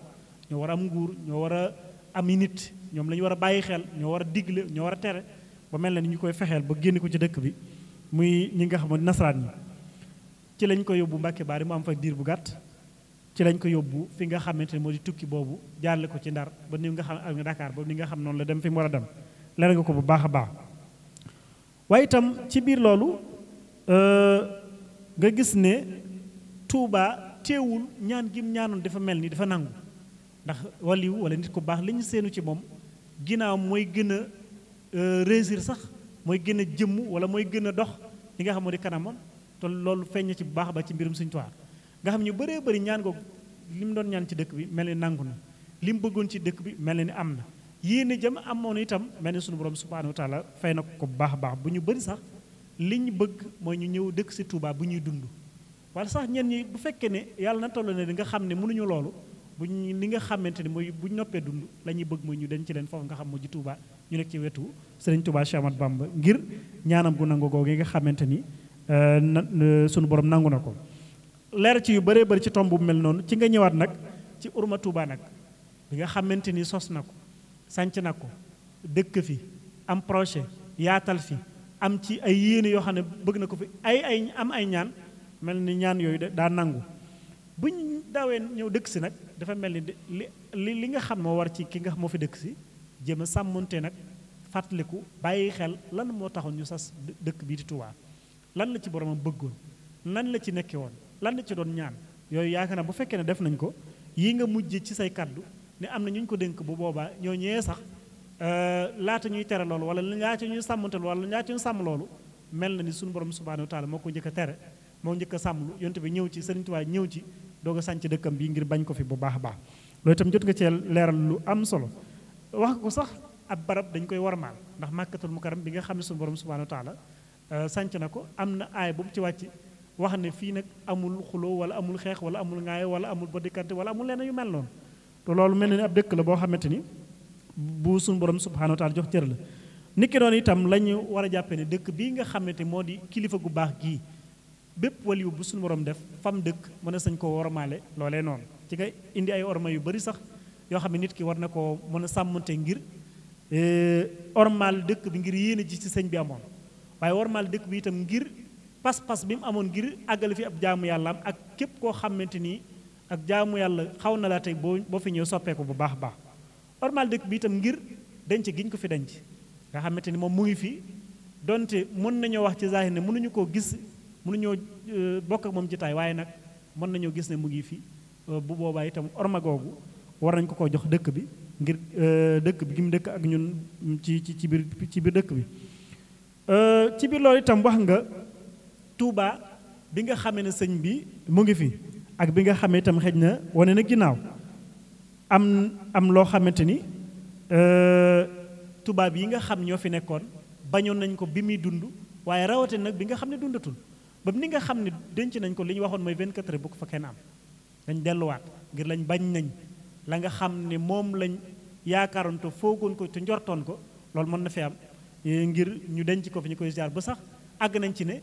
ñoo war a am nguur ñoo war a am i nit ñoom la war a bàyyi xel ñoo war a digle ñoo war a tere ba mel na ni ñu koy fexeel ba génn ko ci dëkk bi muy ñi nga xam ne nasaraan yi ci lañ ko yóbbu Mbàkke Baari mu am fa diir bu gàtt ci lañ ko yóbbu fi nga xamante ne moo di tukki boobu jaarale ko ci Ndar ba ni nga xam ak Dakar ba ni nga xam noonu la dem fi mu war a dem leer nga ko bu baax a baax waaye itam ci biir loolu euh, nga gis ne teewul ñaan gim ñaanoon dafa mel ni dafa nangu ndax waliw walla nit ko baax li ñu seenu ci moom ginnaaw mooy gën a euh, résir sax mooy gën a jëmm wala mooy gën a dox li nga xam moo di kanamam te loolu feeñ ci bu baax ba ci mbirum Sëñ Tuubaa nga xam ñu bëree bari ñaan googu li mu doon ñaan ci dëkk bi mel ni nangu na li mu bëggoon ci dëkk bi mel ni am na yéene jëm amoon itam mel ni sunu borom subhaanahu wa taala fay na ko bu baax a baax bu ñu bëri sax li ñu bëgg mooy ñu ñëw dëkk si Tuubaa bu ñuy dund wala sax ñenn ñi bu fekkee ne yàlla na toll ne di nga xam ne mënuñu loolu buñ li nga xamante ne mooy buñ noppee dund lañuy bëgg mooy ñu denc leen foofu nga xam moo ji Touba ñu nekk ci wetu Serigne Touba Cheikh Ahmadou Bamba ngir ñaanam gu nangu googu nga xamante ni euh, euh, sunu borom nangu na ko. leer ci yu bëree bëri ci tomb bu mel noonu ci nga ñëwaat nag ci urma Touba nag bi nga xamante ni sos na ko sanc na ko dëkk fi am projet yaatal fi am ci ay yéene yoo xam ne bëgg na ko fi ay ay am ay ñaan. mel ni ñaan yooyu de daa nangu bu ñu daawee ñëw dëkk si nag dafa mel ni li li nga xam moo war ci ki nga xam moo fi dëkk si jéem a sàmmonte nag fàttaliku bàyyi xel lan moo taxoon ñu sas dëkk bii di Tuubaa lan la ci boromam bëggoon lan la ci nekke woon lan la ci doon ñaan yooyu yaakaar naa bu fekkee ne def nañ ko yii nga mujj ci say kàddu ne am na ñu ñu ko dénk bu boobaa ñoo ñëwee sax euh, laata ñuy tere loolu wala laata ñuy sàmmante loolu wala laata ñuy sàmm loolu mel na ni sunu borom subaan wa moo ko njëkk tere moo njëkk a sàmmlu yonte bi ñëw ci Sëriñ Tuubaa ñëw ci doog a dëkkam bi ngir bañ ko fi bu baax baax looy tam jot nga cee leeral lu am solo wax ko sax ab barab dañ koy war warmaal ndax mu karam bi nga xam ne suñu borom subhanahu wa taala euh, sànc na ko am na aay bu ci wàcc wax ne fii nag amul xuloo wala amul xeex wala amul ŋaayo wala amul bodikante wala amul leneen yu mel noonu te loolu mel na ni dëkk la boo xamante ni bu suñu borom subhanahu wa taala jox cër la niki noonu itam la ñu war a jàppee ne dëkk bii nga xamante moo di kilifa gu baax gii bépp waliyu bu suñu borom def fam dëkk mën a sañ koo wormaale loolee noonu ci nga indi ay orma yu bari sax yoo xam ne nit ki war na koo mën a sàmmante ngir e, ormal dëkk bi ngir yéene ji ci sëñ bi amoon waaye ormal dëkk bi itam ngir pas-pas bi mu amoon ngir àggale fi ab jaamu yàllaam ak képp koo xamante ni ak jaamu yàlla xaw na tey boo boo fi ñëw soppeeku bu baax a baax ormal dëkk bi itam ngir denc giñ ko fi denc nga xamante ni moom mu ngi fi donte mën nañoo wax ci zahir ne mënuñu koo gis mun mënuñoo euh, bokk ak moom jitaay waaye nag mën nañoo gis ne mu ngi fi euh, bu boobaa itam orma googu war nañ ko ko jox dëkk bi ngir euh, dëkk bi gi ak ñun ci ci ci biir ci biir dëkk bi ci biir loolu itam wax nga Touba bi nga xamee ne sëñ bi mu ngi fi ak bi nga xamee itam xëj na wane na ginnaaw am am loo xamante ni tubaab yi nga xam ñoo fi nekkoon bañoon nañ ko bi muy dund waaye rawatina nag bi nga xam ne dundatul ba ni nga xam ne denc nañ ko li ñu waxoon mooy 24 heures bu ko fa kenn am dañ delluwaat ngir lañ bañ nañ la nga xam ne moom lañ yaakaaroon te foogoon ko te njortoon ko loolu mën na fi am e, ngir ñu denc ko fi ñu koy ziar ba sax àgg nañ ci ne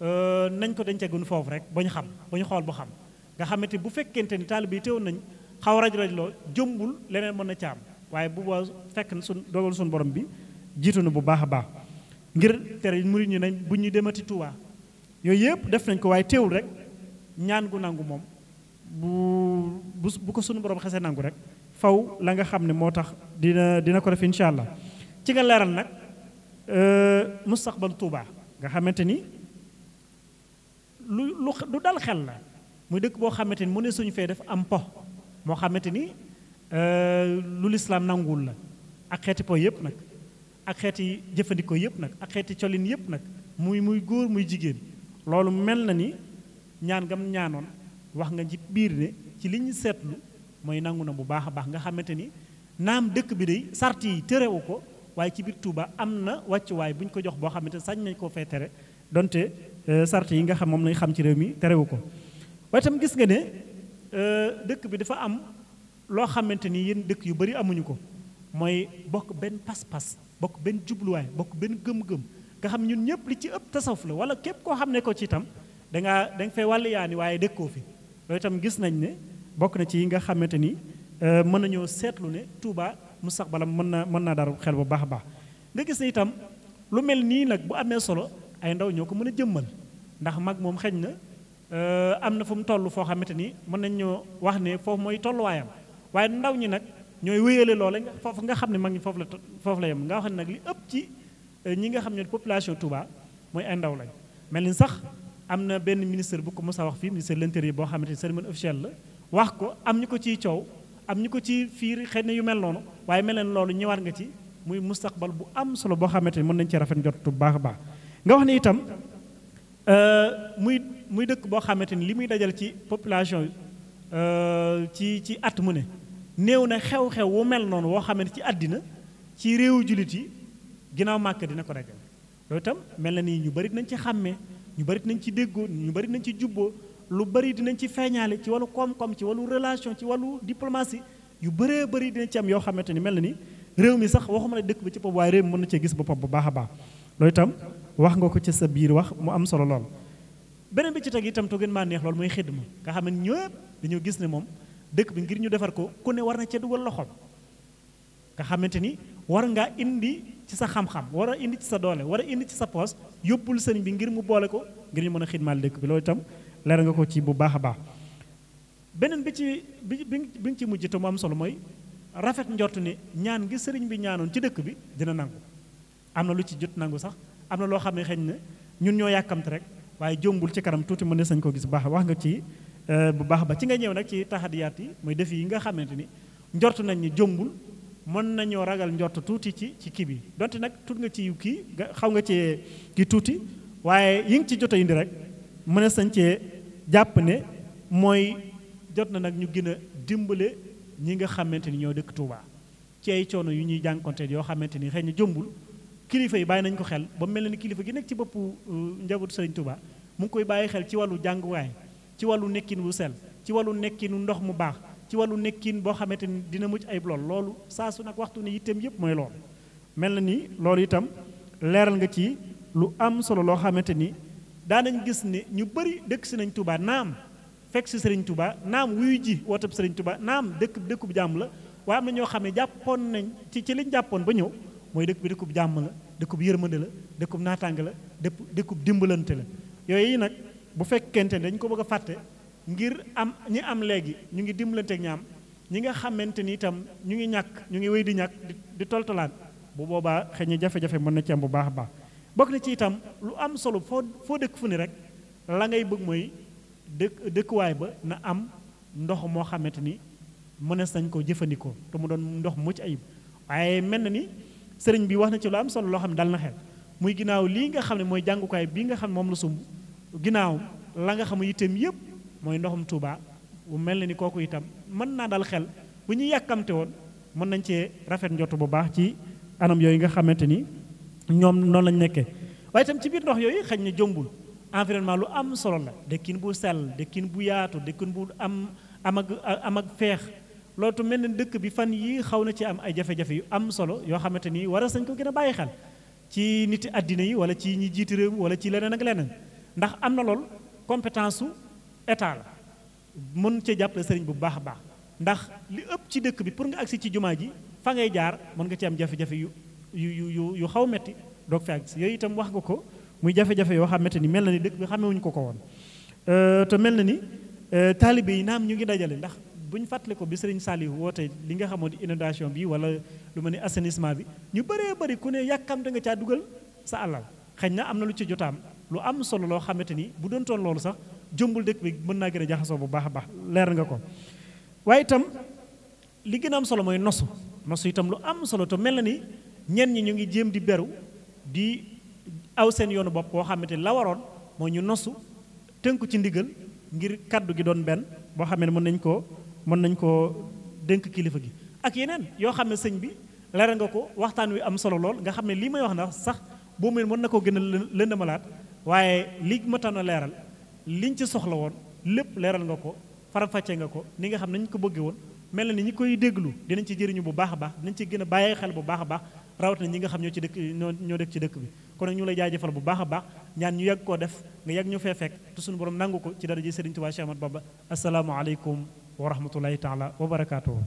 e, nañ ko denceegun foofu rek ba xam ba ñu xool bu xam nga xamante bu fekkente ni taalibe yi teewoon nañ xaw raj raj loo jëmbul leneen mën na caam waaye bu boo fekk na sun dogal suñu borom bi jiitu na bu baax a baax ngir tere murit ñi nañ bu ñu demati Tuubaa yooyu yëpp def nañ ko waaye téewul rek ñaan gu nangu moom bu bu ko sunu borom xese nangu rek faw la nga xam ne moo tax dina dina ko def incha allah ci nga leeral nag euh, mustaqbal Touba nga xamante ni lu lu lu xel la muy dëkk boo xamante ni mu ne suñu fee def am po moo xamante ni euh, lu lislaam nanguwul la ak xeeti po yëpp nag ak xeeti jëfandikoo yëpp nag ak xeeti colin yëpp nag muy muy góor muy jigéen loolu mel na ni ñaan gam ñaanoon wax nga ci biir ne ci liñ ñu seetlu mooy nangu na bu baax a baax nga xamante ni naam dëkk bi day sart yi terewu ko waaye ci biir Touba am na wàccuwaay bu ñu ko jox boo xamante sañ nañ koo fee donte euh, sart yi nga xam moom lañ xam ci réew mi terewu ko waaye gis nga ne euh, dëkk bi dafa am loo xamante ni yéen dëkk yu bari amuñu ko mooy bokk benn pas-pas bokk benn jubluwaay bokk benn gëm-gëm nga xam ñun ñëpp li ci ëpp tasawuf la wala képp koo xam ne ko ci itam dangaa da nga fay wàll yaani waaye dëkkoo fi loolu itam gis nañ ne bokk na ci yi nga xamante ni euh, mën nañoo seetlu ne Touba mustaqbalam mën na mën naa dara xel bu baax a baax nga gis ne itam lu mel nii nag bu amee solo ay ndaw ñoo ko mën a jëmmal ndax mag moom xëj na euh, am na fu mu toll foo xamante ni mën nañ ñoo wax ne foofu mooy tolluwaayam waaye ndaw ñi nag ñooy wéyale loole foofu nga xam ne mag ñi foofu la foofu la nga wax ne nag li ëpp ci Euh, ñi nga xam ne population tubaa mooy ay ndaw lañ mel ni sax am na benn ministre bu ko mos a wax fii ministre de l'intérieur boo xamante ni cérémonie officielle la wax ko am ñu ko ciy coow am ñu ko ci fiir xëy na yu mel noonu waaye mel leen loolu ñëwaat nga ci muy mustaqbal bu am solo boo xamante ni mën nañu rafet jot bu baax baax nga wax ni itam euh, muy muy dëkk boo xamante ni li muy dajal ci population euh, ci ci at mu ne néew na xew-xew wu mel noonu woo xamante ci àddina ci réewu jullit yi ginnaaw màkk dina ko dajal loolu itam mel na ni ñu bari nañ ci xàmmee ñu bari nañ ci déggoo ñu bari nañ ci jubboo lu bari dinañ ci feeñaale ci wàllu koom-koom ci wàllu relation ci wàllu diplomatie yu bëree bëri dina ci am yoo xamante ni mel na ni réew mi sax waxuma ne dëkk ba ci bopp waaye réew mi mën na cee gis bopp bu baax a baax loolu itam wax nga ko ci sa biir wax mu am solo lool. beneen bi ci teg itam to gën maa neex loolu mooy xidma nga xam ne ñëpp dañoo gis ne moom dëkk bi ngir ñu defar ko ku war na cee dugal loxoom nga xamante ni war nga indi ci sa xam-xam war a indi ci sa doole war a indi ci sa poos yóbbul sëriñ bi ngir mu boole ko ngir ñu mën a xidmaal dëkk bi loolu tam leer nga ko ci bu baax a beneen bi ci bi bi nga ci mujj te am solo mooy rafet njort ni ñaan gi sëriñ bi ñaanoon ci dëkk bi dina nangu am na lu ci jot nangu sax am na loo xam ne na ñun ñoo yàkkamte rek waaye jombul ci kanam tuuti mën ne sañ ko gis baax wax nga ci eh, bu baax ba ci nga ñëw nag ci taxadiyaat yi mooy def yi nga xamante ni njort nañ ni jombul mën nañoo ragal njort tuuti ci ci kii bi donte nag tuut nga ci kii xaw nga cee kii tuuti waaye yi nga ci jote a indi rek mën a sañ cee jàpp ne mooy jot na nag ñu gën a dimbale ñi nga xamante ni ñoo dëkk Touba ci ay coono yu ñuy jànkonteel yoo xamante ni xëy na jombul kilifa yi bàyyi nañ ko xel ba mel na ni kilifa gi nekk ci boppu euh, njabootu Sëriñ Touba mu ngi koy bàyyi xel ci wàllu jànguwaay ci wàllu nekkin wu sel ci wàllu nekkiinu ndox mu baax ci wàllu nekkin boo xamante ni dina mucc ayib lool loolu saa su nag waxtu ne itam yëpp mooy loolu mel na ni loolu itam leeral nga ci lu am solo loo xamante ni daanañ gis ne ñu bëri dëkk si nañ Touba naam fekk si Serigne tubaa naam wuyu ji wootab Serigne Touba naam dëkk dëkku bu jàmm la waaye am na ñoo xam ne jàppoon nañ ci ci liñ jàppoon ba ñëw mooy dëkk bi dëkku bu jàmm la dëkku yërmande la dëkku bu naataange la dëkku dëkku dimbalante la yooyu nag bu fekkente ne dañ ko bëgg a fàtte ngir am ñi am léegi ñu ngi dimbalanteeg ñaam ñi nga xamante ni itam ñu ngi ñàkk ñu ngi wéy di ñàkk di toltolaan bu boobaa xëy na jafe-jafe mën na ci bu baax a baax bokk na ci itam lu am solo foo foo dëkk fu ni rek la ngay bëgg mooy dëkk dëkkuwaay ba na am ndox moo xamante ni mënees nañ koo jëfandikoo mu doon ndox mucc ayib waaye mel na ni sëriñ bi wax na ci lu am solo loo xam ne dal na xel muy ginnaaw lii nga xam ne mooy jàngukaay bii nga xam ne moom la sumb ginnaaw la nga xam ne itam yëpp mooy ndoxum Touba bu mel na ni kooku itam mën naa dal xel bu ñu yàkkamte woon mën nañ cee rafet njotu bu baax ci anam yooyu nga xamante ni ñoom noonu lañ nekkee waaye itam ci biir ndox yooyu xëy na jombul environnement lu am solo la dëkkin bu sell dëkkin bu yaatu dëkkin bu am am ak feex loolu mel ne dëkk bi fan yii xaw na ci am ay jafe-jafe yu am solo yoo xamante ni wara sañ ko gën a bàyyi xel ci niti àddina yi wala ci ñi jiiti réew wala ci leneen ak leneen ndax am na lool compétence état la mën cee jàppale sëriñ bu baax a baax ndax li ëpp ci dëkk bi pour nga agsi ci jumaa ji fa ngay jaar mën nga ci am jafe-jafe yu yu yu yu xaw metti doog fi agsi yooyu itam wax nga ko muy jafe-jafe yoo xamante ni mel na ni dëkk bi xamewuñu ko ko woon euh, te mel na ni euh, taalibe yi naam ñu ngi dajale ndax bu fàttali ko bi sëriñ Saliou woote li nga xamoon di inondation bi wala lu ma ne assainissement bi ñu bëree bëri ku ne yàkkamte nga caa dugal sa alal xëy na am na lu ci jotaam lu am solo loo xamante ni bu doon toon loolu sax jëmbul dëkk bi mën naa gën a jaxasoo bu baax a baax leer nga ko waaye itam li gën a am solo mooy nosu nosu itam lu am solo te mel na ni ñenn ñi ñu ngi jéem di beru di aw seen yoonu bopp koo xamante la waroon moo ñu nosu tënku ci ndiggal ngir kàddu gi doon benn boo xam ne mën nañ koo mën nañ koo dénk kilifa gi ak yeneen yoo xam ne sëñ bi leer nga ko waxtaan wi am solo lool nga xam ne lii may wax na sax boo mel mën na koo gën a lëndamalaat waaye lii ma tànn leeral li liñ ci soxla woon lépp leeral nga ko faram-fàccee nga ko ni nga xam nañ ko bëggee woon mel na ni ñi koy déglu dinañ ci jëriñu bu baax a baax dinañ ci gën a bàyyi xel bu baax a baax rawatina ñi nga xam ñoo ci dëkk ñoo dëkk ci dëkk bi kon nag ñu lay jaajëfal bu baax a baax ñaan ñu yàgg koo def nga yàgg ñu fee fekk te suñu borom nangu ko ci dara ji Sëriñ Tuubaa Cheikh Ahmad Bamba asalaamaaleykum wa rahmatullahi taala wa barakaatuhu